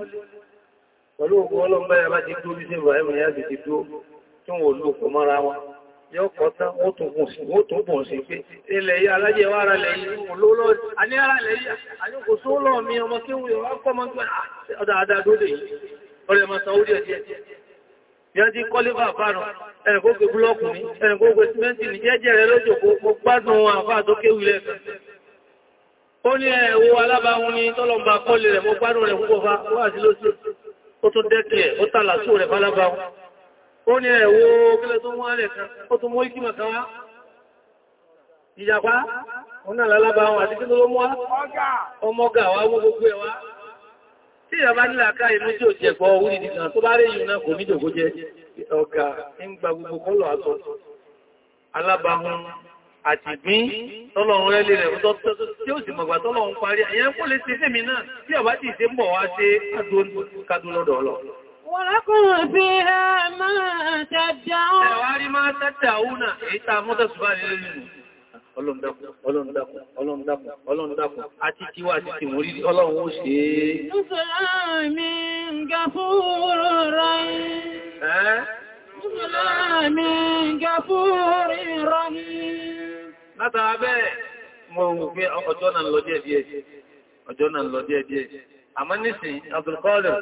Pẹ̀lú òkú ọlọ́mbáyà yóò kọta ó tó bùn sí pé ilẹ̀ yìí alájẹ́ wá ara lẹ̀ yìí olóòlò àní ara lẹ̀ yìí àní kò só lọ́ mi ọmọ kí wùyọ̀ wá kọ́ mọ́ ọdáadá lóde yìí ọ̀rẹ́ ma san orí ẹ̀díẹ̀ yá jí kọ́lébà àbárùn ẹ̀rẹ̀kó gbé búlọ́ọ̀kù ní ẹ̀rẹ̀kó gbé símẹ́ntì ní jẹ́jẹ́ rẹ̀ lójòkó mo gbádùn àfáà tó kéwì lẹ́ẹ̀kan ó ní ẹ̀wọ́ alábáhun ní tọ́lọ̀mbà kọ́lé rẹ̀ mo gbádùn rẹ̀ púpọ̀ fa wá sí lóṣù ó tún dẹ́kẹ̀ẹ́ ó tàlàsù rẹ̀ fálábáhun ó ní ẹ̀wọ́ kílẹ̀ tó wọ́n rẹ̀ kan ó tó mú ìkìmọ̀ kan wá ìjàpá ọ̀nà lálábà wọn àti kí ló mú wá ọmọgà wá mú gbogbo ẹ̀wá tí ìyàbá nílà ká inú tí ò jẹ̀bọ̀ orí nìkan tó bá rí yìí náà kò ní jòkó jẹ ọ̀gá ń gba gbogbo kọ́lọ̀ àtọ́ alábàáhùn àti gbín tọ́lọ̀run rẹ̀ lè rẹ̀ tí ولكم فيها ما ọlọ́run dákun ọlọ́run dákun ọlọ́run dákun ọlọ́run dákun àti tíwà àti rí ọlọ́run ó ṣe é ọjọ́ ọjọ́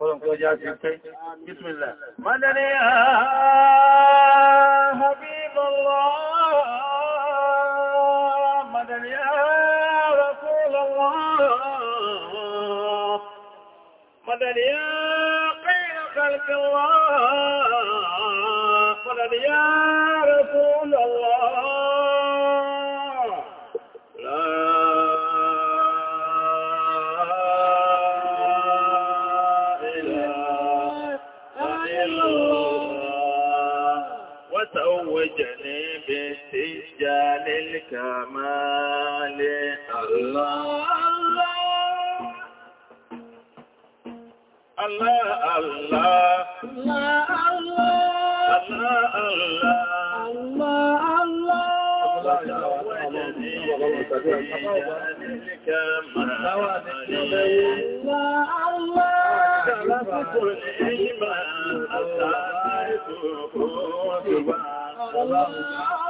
kọ́lọ̀kọ́ já sí pé bismillah madani habiballah madani rasulallah madani khayra khalqillah madani rasulallah بالكمال الله الله الله الله الله الله الله الله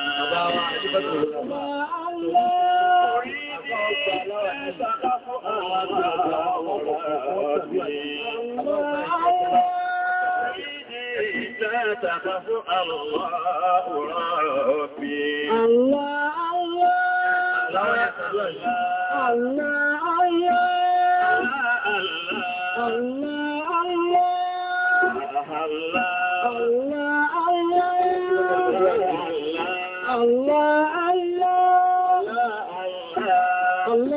Allah الله الله الله الله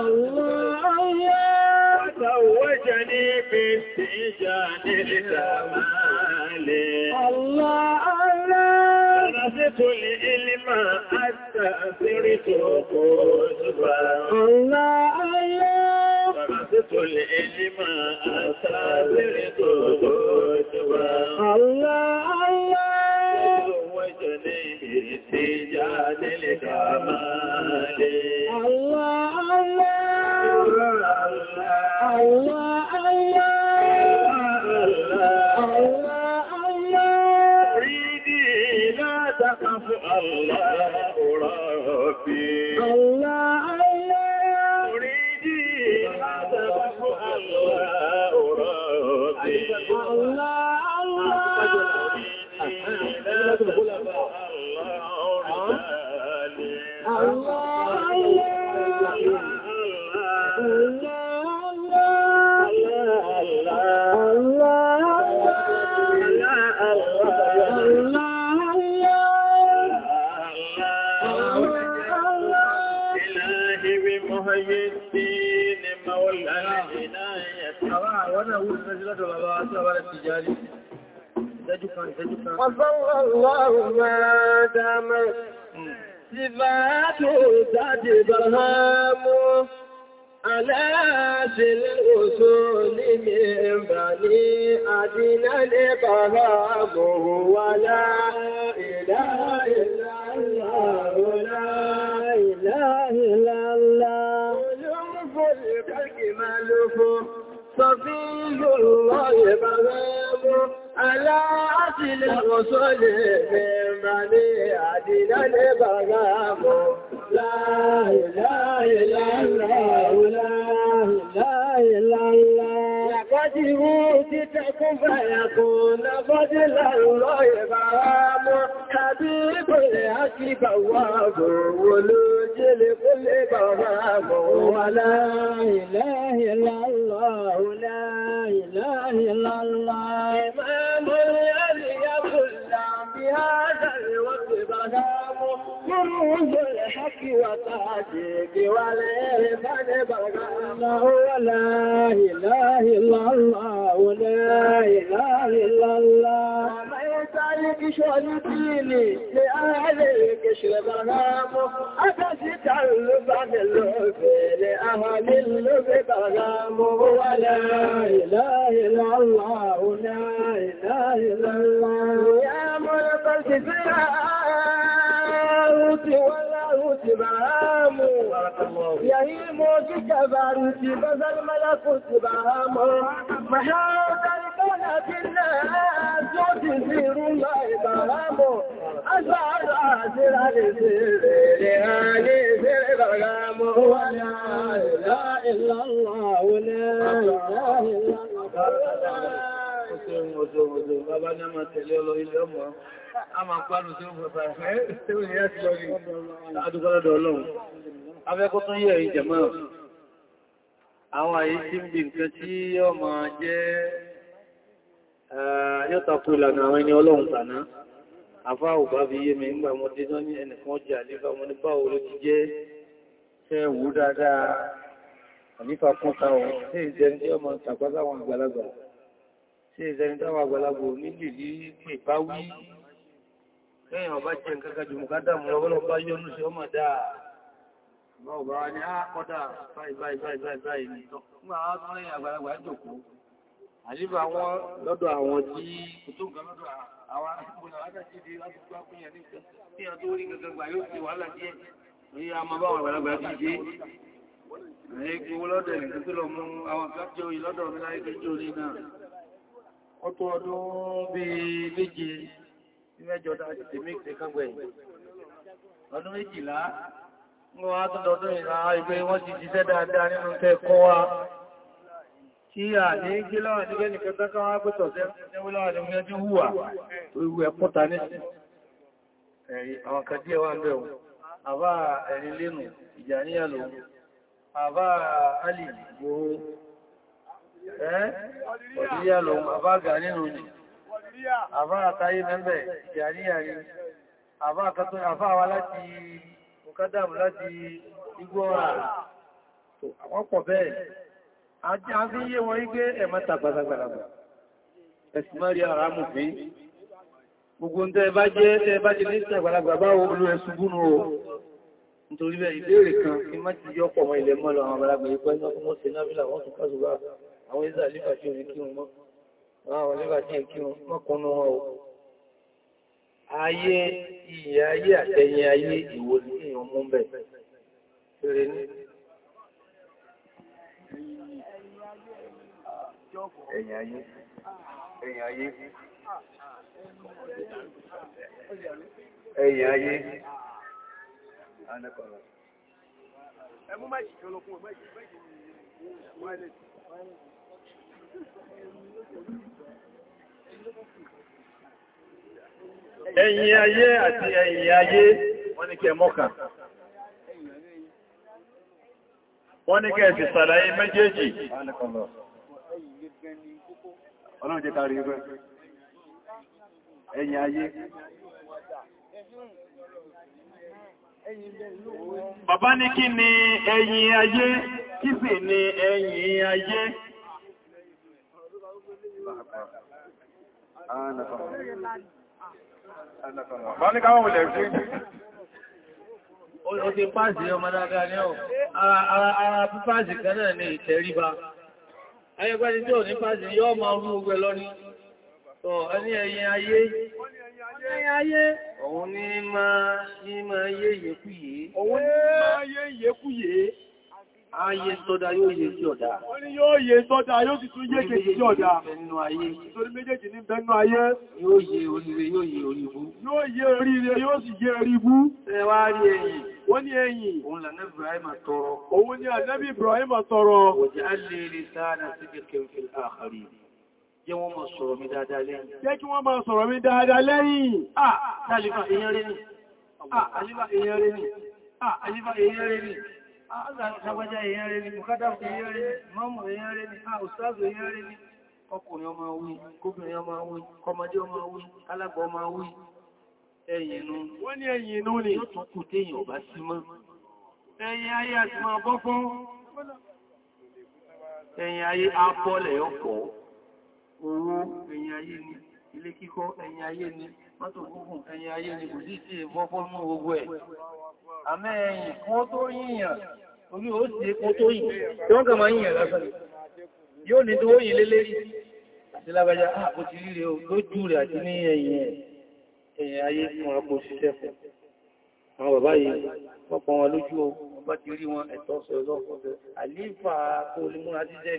الله الله زوجني بالسجان لجمالي الله الله درست العلم حتى صرت قطبا الله الله درست العلم حتى صرت قطبا الله الله Ọgbọ́n Ọlọ́run máa dámẹ́. Sífàátò ìtàdì Bàhámú, aláàṣìlẹ̀ òṣò nílé ẹ̀mbà ní àdínálẹ̀ Bàhámú wà láà ìlà ìlà ìlà ìlà ìlà ìlà. Olúmúfò ìdágì máa lófò, sọ fí yóò lọ́ aláàtì lè rọ̀sọ́ lè mẹ́rẹ̀ lè àdìdá lè bàgá mọ́ láàrínláàrínláàrínláàrínláàrínláà Yàkọ́dí mú títẹ kún bàyàkùn lábọ́dí láàrínlọ́ ìbára mọ́ tàbí ìpòlẹ̀ àti bàwà bọ̀ wọlé jẹ́lẹ̀ إله إلا الله إمام الذي يبلى بهذا الوقت بغام مروز الحق وتعزيق والإرفان بغام هو لا إله إلا الله لا إله إلا الله مالك شربيني لأهلك اشرب غرامه أتسي تعلب عن اللعب لأهل اللعب غرامه ولا إله إلا الله لا إله إلا الله يا مرقى الكفاء ولا تبهام يهيم ككبر تبز الملك تبهام محاوت الكون في الناس وتسير ما إبهام أشعر أعزل لسير لهالي سير برغام ولا إله إلا الله لا إله إلا الله tí ó ń ọjọ́ ọjọ́ bàbá ní a máa tẹ̀lé ọlọ ilẹ̀ ọmọ a máa pàánù tí ó fẹ́fà ẹ́ tí ó yẹ́ sí lọ́rí adúgbọ́lọ́dọ̀ ọlọ́run afẹ́kọ́ tó yẹ̀ ìjẹ̀mọ́ àwọn àyí tí ń bí nǹkan tí ọmọ jẹ́ yóò takú ìlànà àwọn ẹni ọlọ́run tàná afá ò bá fi yé mi nígbà mo dé náà ní ẹnìkan jẹ́ àlífà mo ní báwo ló ti jẹ́ fẹ́ wú dáadáa àlífà kúnta ò sí ìjẹ́ ní ọmọ tàgbásáwọn àgbàlagbà tí ìzẹni táwọn àgbàlagbò nílì rí pè bá wí lẹ́yìn ọba jẹ́ nǹkan kan jùmù ká dámù lọ́wọ́lọ́ bá yọ́nú sí ọmọ dáa bá ọba wa ní àkọ́dà báyìí báyìí báyìí báyìí ní tọ́ fún àwọn tó lẹ́yìn àgbàlagbà jòkó àlébà wọn lọ́dọ̀ àwọn tí kò tó nǹkan lọ́dọ̀ àwọn akẹ́kọ̀ọ́ àwọn akẹ́kọ̀ọ́ láti gbá fún yẹn ní ìṣẹ́ tí a tó rí gẹ́gẹ́ gbà yóò ti wàhálà díẹ̀ ní a ó tó ọdún bí méje mẹ́jọ dáadì tí méje kágbẹ̀ ọdún méjìlá wọ́n wá tó dọ̀dún ìrà ìgbé wọ́n ti jíṣẹ́ dáadáa nínú tẹ́ kọ́ wa tí a ní gíláwà ní gẹ́nìkan tọ́ká wá pẹ́tọ̀ tẹ́wọ́láwà ní mẹ́ ọ̀dìríyà lòun àbá gà nínú ni àbá àtayé mẹ́bẹ̀ ìjàríyà rí àbá àkàtọ́ àbá wa láti mọ̀kádàmù láti igbó ọ̀rà àwọ́pọ̀ bẹ́ẹ̀ àti a fi yé wọn wípé ẹ̀mọ́ta gbàdàgbàdàgbà ẹ̀sìmọ́rí ara mú fi gbogbo ń tẹ́ bá jẹ́ tẹ́ bá jẹ́ ní ìsàgbàlagbà bá olú ẹ̀sùn gúnnú o nítorí bẹ́ẹ̀ ìbéèrè kan kí má ti yọ́pọ̀ mọ́ ilẹ̀ mọ́ lọ àwọn àgbàlagbà ìpẹ́ náà fún mọ́ sí náà bí làwọn tún kásùgbà àwọn ìzà lífà tí orí kí wọn mọ́ àwọn lífà tí kí wọn mọ́kúnnú wọn o ayé ìyẹ ayé àtẹ̀yìn ayé ìwò ní èèyàn mú bẹ̀ ṣeré ní ẹ̀yìn ayé ẹ̀yìn ayé ẹ̀yìn ayé ẹmú mẹ́jì tí ó lọ fún ọmọ mẹ́jì mẹ́jì Ẹ̀yìn ayé àti ẹ̀yìn ayé wọ́n ní kẹ mọ́kà. Wọ́n ní kẹ méjèèjì. Ọlọ́run jẹ́ tàrí ni ẹ̀yìn ayé, kí ni ẹ̀yìn ayé. Báni káwọn wùlẹ̀ rí. Ó ti páàsì ọmọ dáadáa ní ọ̀. Ara pípáàsì kan náà ni ìtẹríba. Ayẹ́gbẹ́ni tí ò ní páàsì yóò máa rú ogbẹ lọ ní. Tọ́ ẹni ẹ̀yìn ayé. Ẹ̀yìn ayé. Òun ní máa yé yẹkúyé. Òun ní máa yé yẹkúyé. Ayé sọ́dá yóò yé sí ọ̀dá. Ó ní yóò yé sọ́dá yóò sì tún yé kèkè sí ọ̀dá. Torí méjèèjì ní bẹnu ayé. Yóò yé oríire yóò yé oríibú. Yóò yé oríire yóò sì yé oríibú. Ẹ wá rí ẹ̀yìn. Wọ́n ní ẹ̀yìn. Òun là nẹ́bí Ibrahim tọrọ. Òun ni ànẹ́bí Ibrahim tọrọ. jẹ́ wọ́n máa sọ̀rọ̀ mi dáadáa lẹ́yìn. Jẹ́ kí wọ́n máa sọ̀rọ̀ mi dáadáa lẹ́yìn. Ah, Àlífà èèyàn rẹ̀ ni. Ah, Àlífà èèyàn rẹ̀ ni. Ah, Àlífà èèyàn rẹ̀ ni. Àgbàjá èèyàn rẹ̀ ni, Mùkádàfù èèyàn rẹ̀ ni, Mọ́mù èèyàn rẹ̀ ni, Àùsáàzù èèyàn rẹ̀ ni, ọkùnrin ọmọ wí, kóbìnrin ọmọ wí, kọmọdé ọmọ wí, alágbà ọmọ wí, ẹ̀yìnú. Wọ́n ní ẹ̀yìnú ni. Yóò tún kù téèyàn bá sí mọ́. Ẹ̀yìn ayé àti máa bọ́ fún. Ẹ̀yìn ayé abọ́lẹ̀ ọkọ̀, owó ẹ̀yìn ayé ni, ilé kíkọ́ ẹ̀yìn ayé ni, mọ́tò gúgùn ẹ̀yìn ayé ni, kò sí ìtì ìfọ́fọ́ mú gbogbo àmẹ́ ẹ̀yìn kan tó yíyàn orí ó sì epo tó yìn tí wọ́n kàmà yíyàn lásán yóò ní tó yìn lélé àti lábájá àpò ti ríre lójú rẹ̀ àti ní ẹ̀yìn ẹ̀yìn ayé fún ọkọ̀ òṣìṣẹ́ fún àwọn bàbá yìí pọ́pọ̀ wọn lójú o bá ti rí wọn ẹ̀tọ́ sọ̀rọ̀lọ́pọ̀ àlífà kó lè múra jíṣẹ́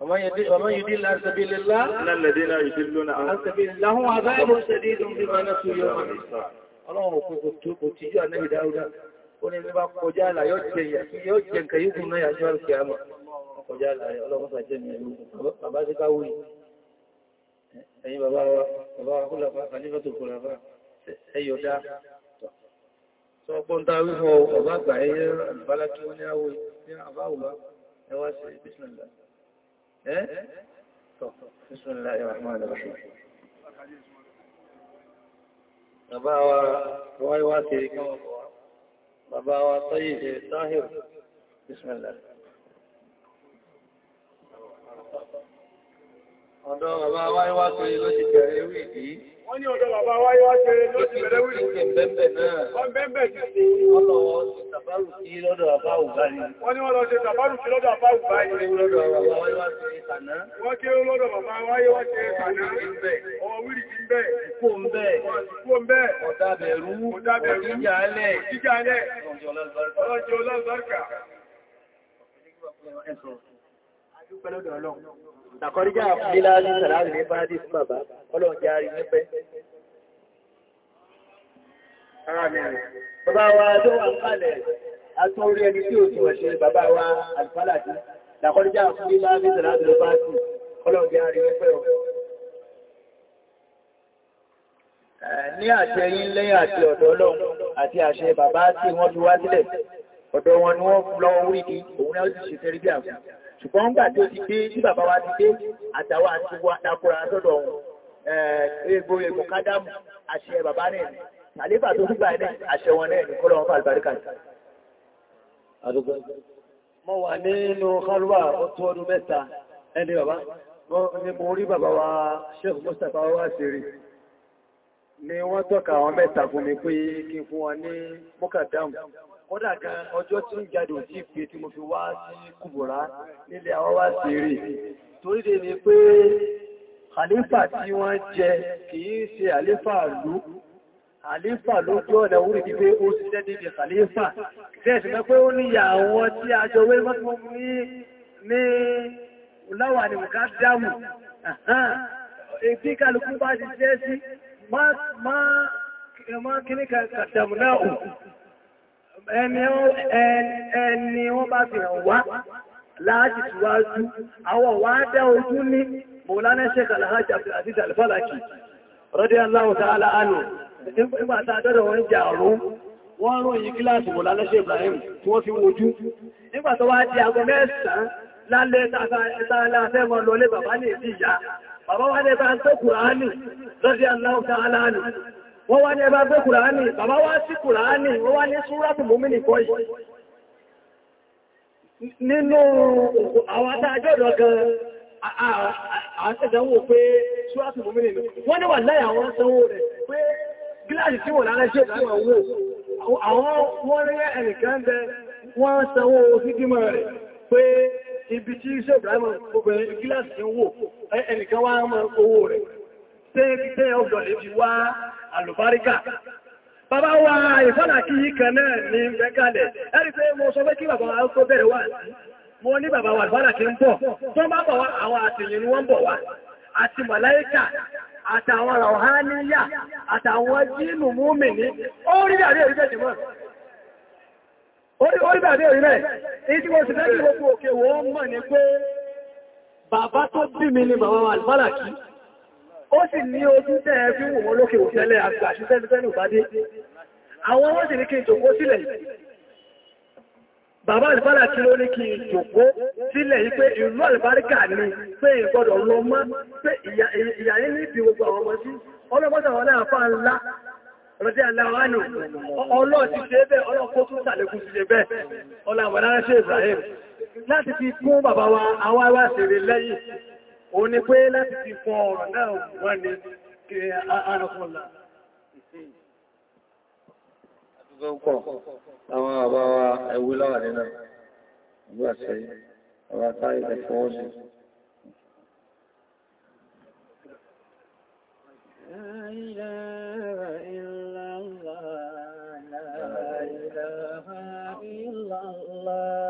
ومن يدل عن سبيل الله من الذين يدلون عن سبيل الله لهم عذاب شديد بما نسوا يوم الحساب Ọlọ́run kò tó kò tíjú ànábì Dáúdá, ó ní bí bá kọjá àlà yóò jẹ ìyà kí yóò jẹ nǹkan yóò náà yàjú àrùkì àmà. Kọjá àlà Ọlọ́run sàjẹ́ mi ẹ̀lú bàbá sí káwò yìí. Ẹ̀yin bàbá wa, bàbá wa kúlà fà ní fẹ́tò kúlà fà, ẹyọ dá. Sọ ọgbọ́n ta wíwọ ọ̀bá gbà ẹyẹ àbálá tó ní àwọ̀ ẹwà sí bísìnà ايه طب بسم الله الرحمن الرحيم bàbá wa wáyé wá sí ìrìkan ọ̀pọ̀ bàbá wa tọ́yí ṣe sáhìr bismillah ọ̀dọ́ bàbá ló ti bẹ̀rẹ̀ ewé ìdí Wọ́n ní ọ̀dọ̀ bàbá wáyé wá ṣe ló ti bẹ̀rẹ̀ wìrì. Wọ́n bẹ́ẹ̀bẹ̀ sí. Wọ́n lọ ṣe tàbárù sí lọ́dọ̀ bàbá ògbáyé. Wọ́n ní wọ́n lọ ṣe tàbárù sí lọ́dọ̀ bàbá ògbáyé. Wọ́n kí ó lọ́dọ̀ bàbá wáyé wá ṣe dúpẹ́ lọ́dọ̀ ọlọ́run àkọríjà àfúnilá ní sàlámì ní fáádì fún bàbá ọlọ́run jẹ́ àrí nípẹ́ bàbá wa tó wà ń kálẹ̀ atún orí ẹni tí ó ti wẹ̀ ṣe bàbá wa àlùfálàdì àkọríjà àfúnilá ní sàlámì ní fáádì ọlọ́run jẹ́ àrí nípẹ́ ọ̀ ní àṣẹ yín lẹ́yìn àti ọ̀dọ̀ ọlọ́run àti àṣẹ bàbá tí wọ́n fi wá sílẹ̀ ọ̀dọ̀ wọn ni wọ́n lọ orí di òun náà sì ṣe tẹ́rí bí àfún ṣùgbọ́n ń gbà tó ti dé tí bàbá wa ti dé àtàwà àti wa dákúra sọ́dọ̀ ọ̀hún egbò egbò kádàmù àṣẹ bàbá náà ni àlébà tó dúgbà náà àṣẹ wọn náà ni kọ́lọ́ wọn fà àlùbáríkà sí. àdúgbò mo wà nínú kálúwà ó tó ọdún mẹ́ta ẹni bàbá ni mo rí bàbá wa Sheikh Mustapha wa ṣe ni wọ́n tọ́ka àwọn mẹ́ta fún mi pé kí n fún wọn ní mọ́kàdámù kódà kan ọjọ́ tí ń jáde ò tí pé tí mo fi wá sí kùbùrá nílẹ̀ àwọn wá sí rí torí dé ni pé àlífà tí wọ́n jẹ kìí ṣe àlífà lú àlífà lójú ọ̀nà orí ti pé ó ṣiṣẹ́ débi àlífà tẹ́ẹ̀sì mẹ́ pé ó níyà àwọn tí a jọ wé mọ́tún ní láwà ní mùká dámù èbí kálukú bá ṣiṣẹ́ sí má kíníkà kàdàmù náà ẹni wọ́n bá fi hàn wá láti tíwájú àwọn wá dá ojú ní Mawlana Sheikh Alhaji Abdul Aziz Al-Falaki radiyallahu ta'ala anhu nígbà tá a dọ́dọ̀ wọn jà ọ̀rún wọ́n ròyìn kíláàsì Mawlana Sheikh Ibrahim tí wọ́n fi wojú nígbà wá wọ́n wá ní ẹbá gbé kùránì bàbá wá sí kùránì wọ́n wá ní súrátù mọ́mìnì kọ́ yìí nínú àwọn adájọ́ ọ̀dọ̀ gan àṣẹ́dánwò pé súrátù mọ́mìnì wọ́n ní wà láyà àwọn sanwó rẹ̀ pé gíláàsì tí wọ́n lára ṣe tí wọ́n wò àwọn wọ́n rí ẹnìkan bẹ wọ́n sanwó fídímọ̀ rẹ̀ pé ibi tí iṣẹ́ ìbìláìmọ̀ gbogbo gíláàsì ń wò ẹnìkan wá mọ́ owó rẹ̀ tẹ́ ọgbọ̀n lè àlùbáríkà bàbá wa ìfàlàkì yìí kan náà ní mẹ́kàlẹ̀ ẹ̀rí pé mo sọ pé kí bàbá wa tó bẹ̀rẹ̀ wà sí mo ní bàbá wa ìfàlàkì ń bọ̀ tó bá bọ̀ wá àwọn àtìyìn wọ́n bọ̀ wá àti màláíkà àtàwọn ràwáníyà àtàwọn jínù múmi ní orí dàbí orí bẹ́ẹ̀ jùmọ́ orí dàbí orí bẹ́ẹ̀ ó sì ní ojú tẹ́ẹ̀ fi wò wọ́n lókè òtẹ́lẹ̀ àgbà ṣiṣẹ́ bá dé àwọn wọ́n sì ní kí n tòkó sílẹ̀ bàbá àlùbárà kí ló ní kí n tòkó sílẹ̀ pé ìlú ni pé ìgbọ́dọ̀ lọ mọ́ pé ìyà ní ìbí gbogbo àwọn ọmọ sí ọlọ́pọ̀tà ó ní pé láti ti fún ọ̀rọ̀ náà wọ́n ni kí arákọ́lá gbọ́nkọ̀ àwọn àbá wa ẹ̀wú láwà nínú ìlú àṣẹyí àwọn àtàrí ilẹ̀ fọwọ́ sí La ilaha illallah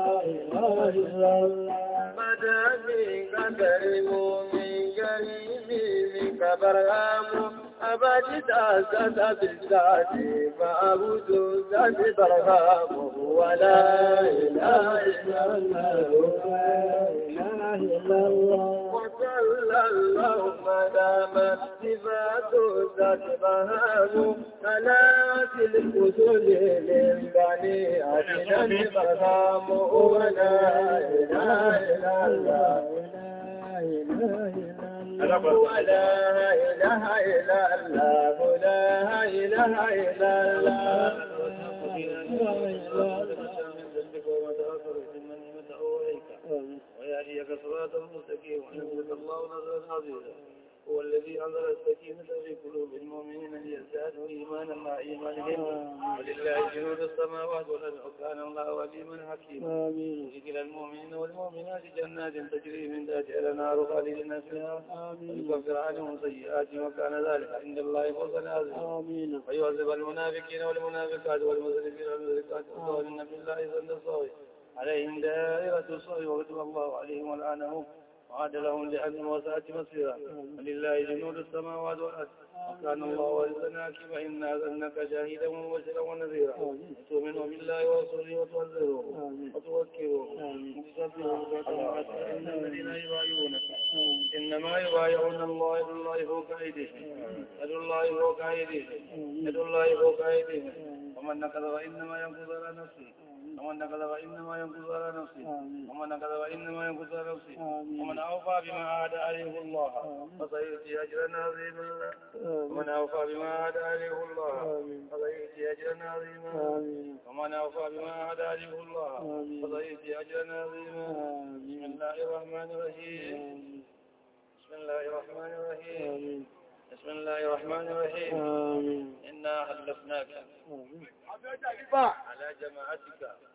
مدامي قدر مومي قريبي منك برهام أبجد أسد بالذات فأبد ذات برهام ولا إله إلا الله إله إلا الله وكل اللهم دامت صفات تشبهه خلات من للبني عدنا البغام ولا إله إلا الله لا إله إلا لا إله إلا الله لا إله إلا الله يهديك صراطا مستقيما ويهديك الله نصرا عزيزا هو الذي أنزل السكينة في قلوب المؤمنين ليزدادوا إيمانا مع إيمانهم ولله جنود السماوات والأرض وكان الله عليما حكيما امين ذكر المؤمنين والمؤمنات جنات تجري من تحتها الأنهار خالدين فيها ويكفر عنهم سيئاتهم وكان ذلك عند الله فوزا عظيما امين ويعذب المنافقين والمنافقات والمذنبين والمذنبات وقال النبي الله عز وجل عليهم دائرة الصغر وكتب الله عليهم ولعنهم وعاد لهم لأن وساءت مصيرا ولله جنود السماوات والأرض وكان الله عزنا فإن إنا جاهدا شاهدا ومبشرا ونذيرا وتؤمنوا بالله ورسوله وتعزروه وتوكلوه وتسبحوا إن الذين يبايعونك إنما يبايعون الله يد الله فوق أيديهم يد الله فوق أيديهم يد الله فوق أيديهم ومن نكث فإنما ينقض على نفسه ومن نقض فإنما ينقض على نفسه ومن نقض فإنما ينقض على نفسه ومن أوفى بما عاد عليه الله فسيؤتي أجرا عظيما ومن أوفى بما عاد عليه الله فسيؤتي أجرا عظيما ومن أوفى بما عاد عليه الله فسيؤتي أجرا عظيما بسم الله الرحمن الرحيم بسم الله الرحمن الرحيم بسم الله الرحمن الرحيم آمين إنا حلفناك على جماعتك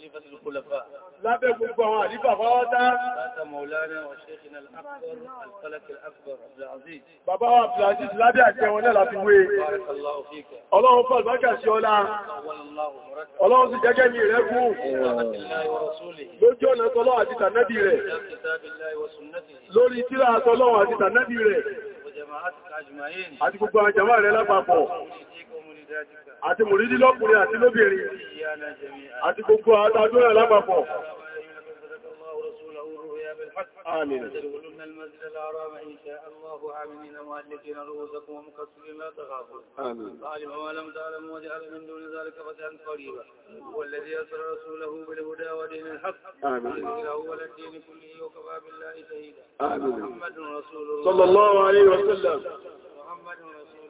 خليفة الخلفاء لا بيقبوا خليفة فاتا مولانا وشيخنا الأكبر الفلك الأكبر عبد العزيز بابا عبد العزيز لا بيأتي ولا لا تنوي بارك الله فيك الله أفضل بك سيولا الله سجاجة ميركو الله ورسوله لجونا طلوع عزيز النبي كتاب الله وسنته لولي تلا طلوع عزيز النبي وجماعتك أجمعين أتكبوا جماعة للا بابو àti mùrídí lọ́kùnrin àti lóbìnrin àti gbogbo àtàdúrà lápapọ̀ آمين آمين فاعلم تعلموا وجعل من دون ذلك فتحا قريبا هو الذي رسوله بالهدى ودين الحق آمين له الدين كله وكفى بالله شهيدا آمين محمد رسول الله صلى الله عليه وسلم محمد رسول الله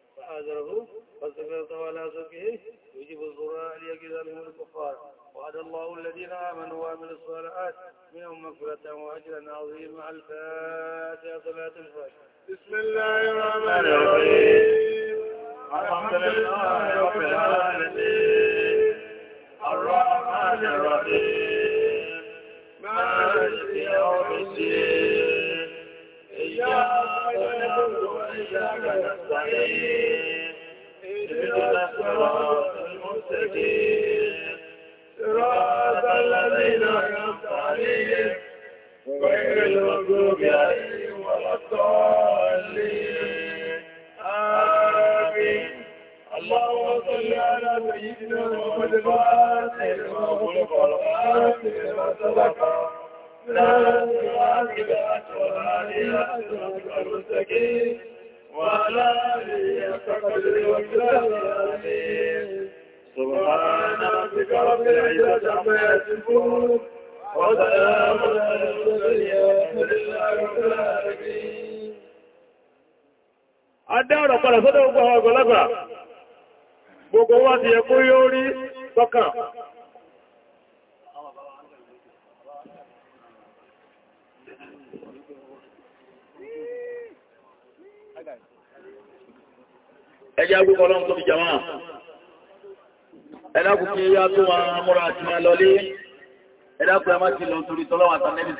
فآذره فاستكبرت على سكه يجب الضراء ليجزهم الكفار وعد الله الذين آمنوا وعملوا الصالحات منهم مغفرة وأجرا عظيما الفاتحة صلاة الفاتحة بسم الله الرحمن الرحيم الحمد لله رب العالمين الرحمن الرحيم مالك يوم الدين إياك نعبد إياك نستعين صراط الذين أنعمت غير المغضوب عليهم ولا الضالين آمين اللهم صل على سيدنا محمد الفاتح المغلق والفاتح لما سبق لا تعاقب أسوأ هذه أسوأ المستقيم وعلى آله وصحبه وسلم آمين سبحان ربك رب العزة عما يصفون وسلام على المرسلين والحمد لله رب العالمين Adá ọ̀rọ̀ padà sọ́dọ̀ gbogbo àwọn ọgọ́lọ́gbà, gbogbo wá ti yẹ kó yóò rí sọ́kàn. ẹjẹ́ agbókọ̀ ọlọ́run tó fi jàmá ẹ̀dàkùn kí yá tó wọn múra àti máa lọlé ẹ̀dàkùn ẹ ti lọ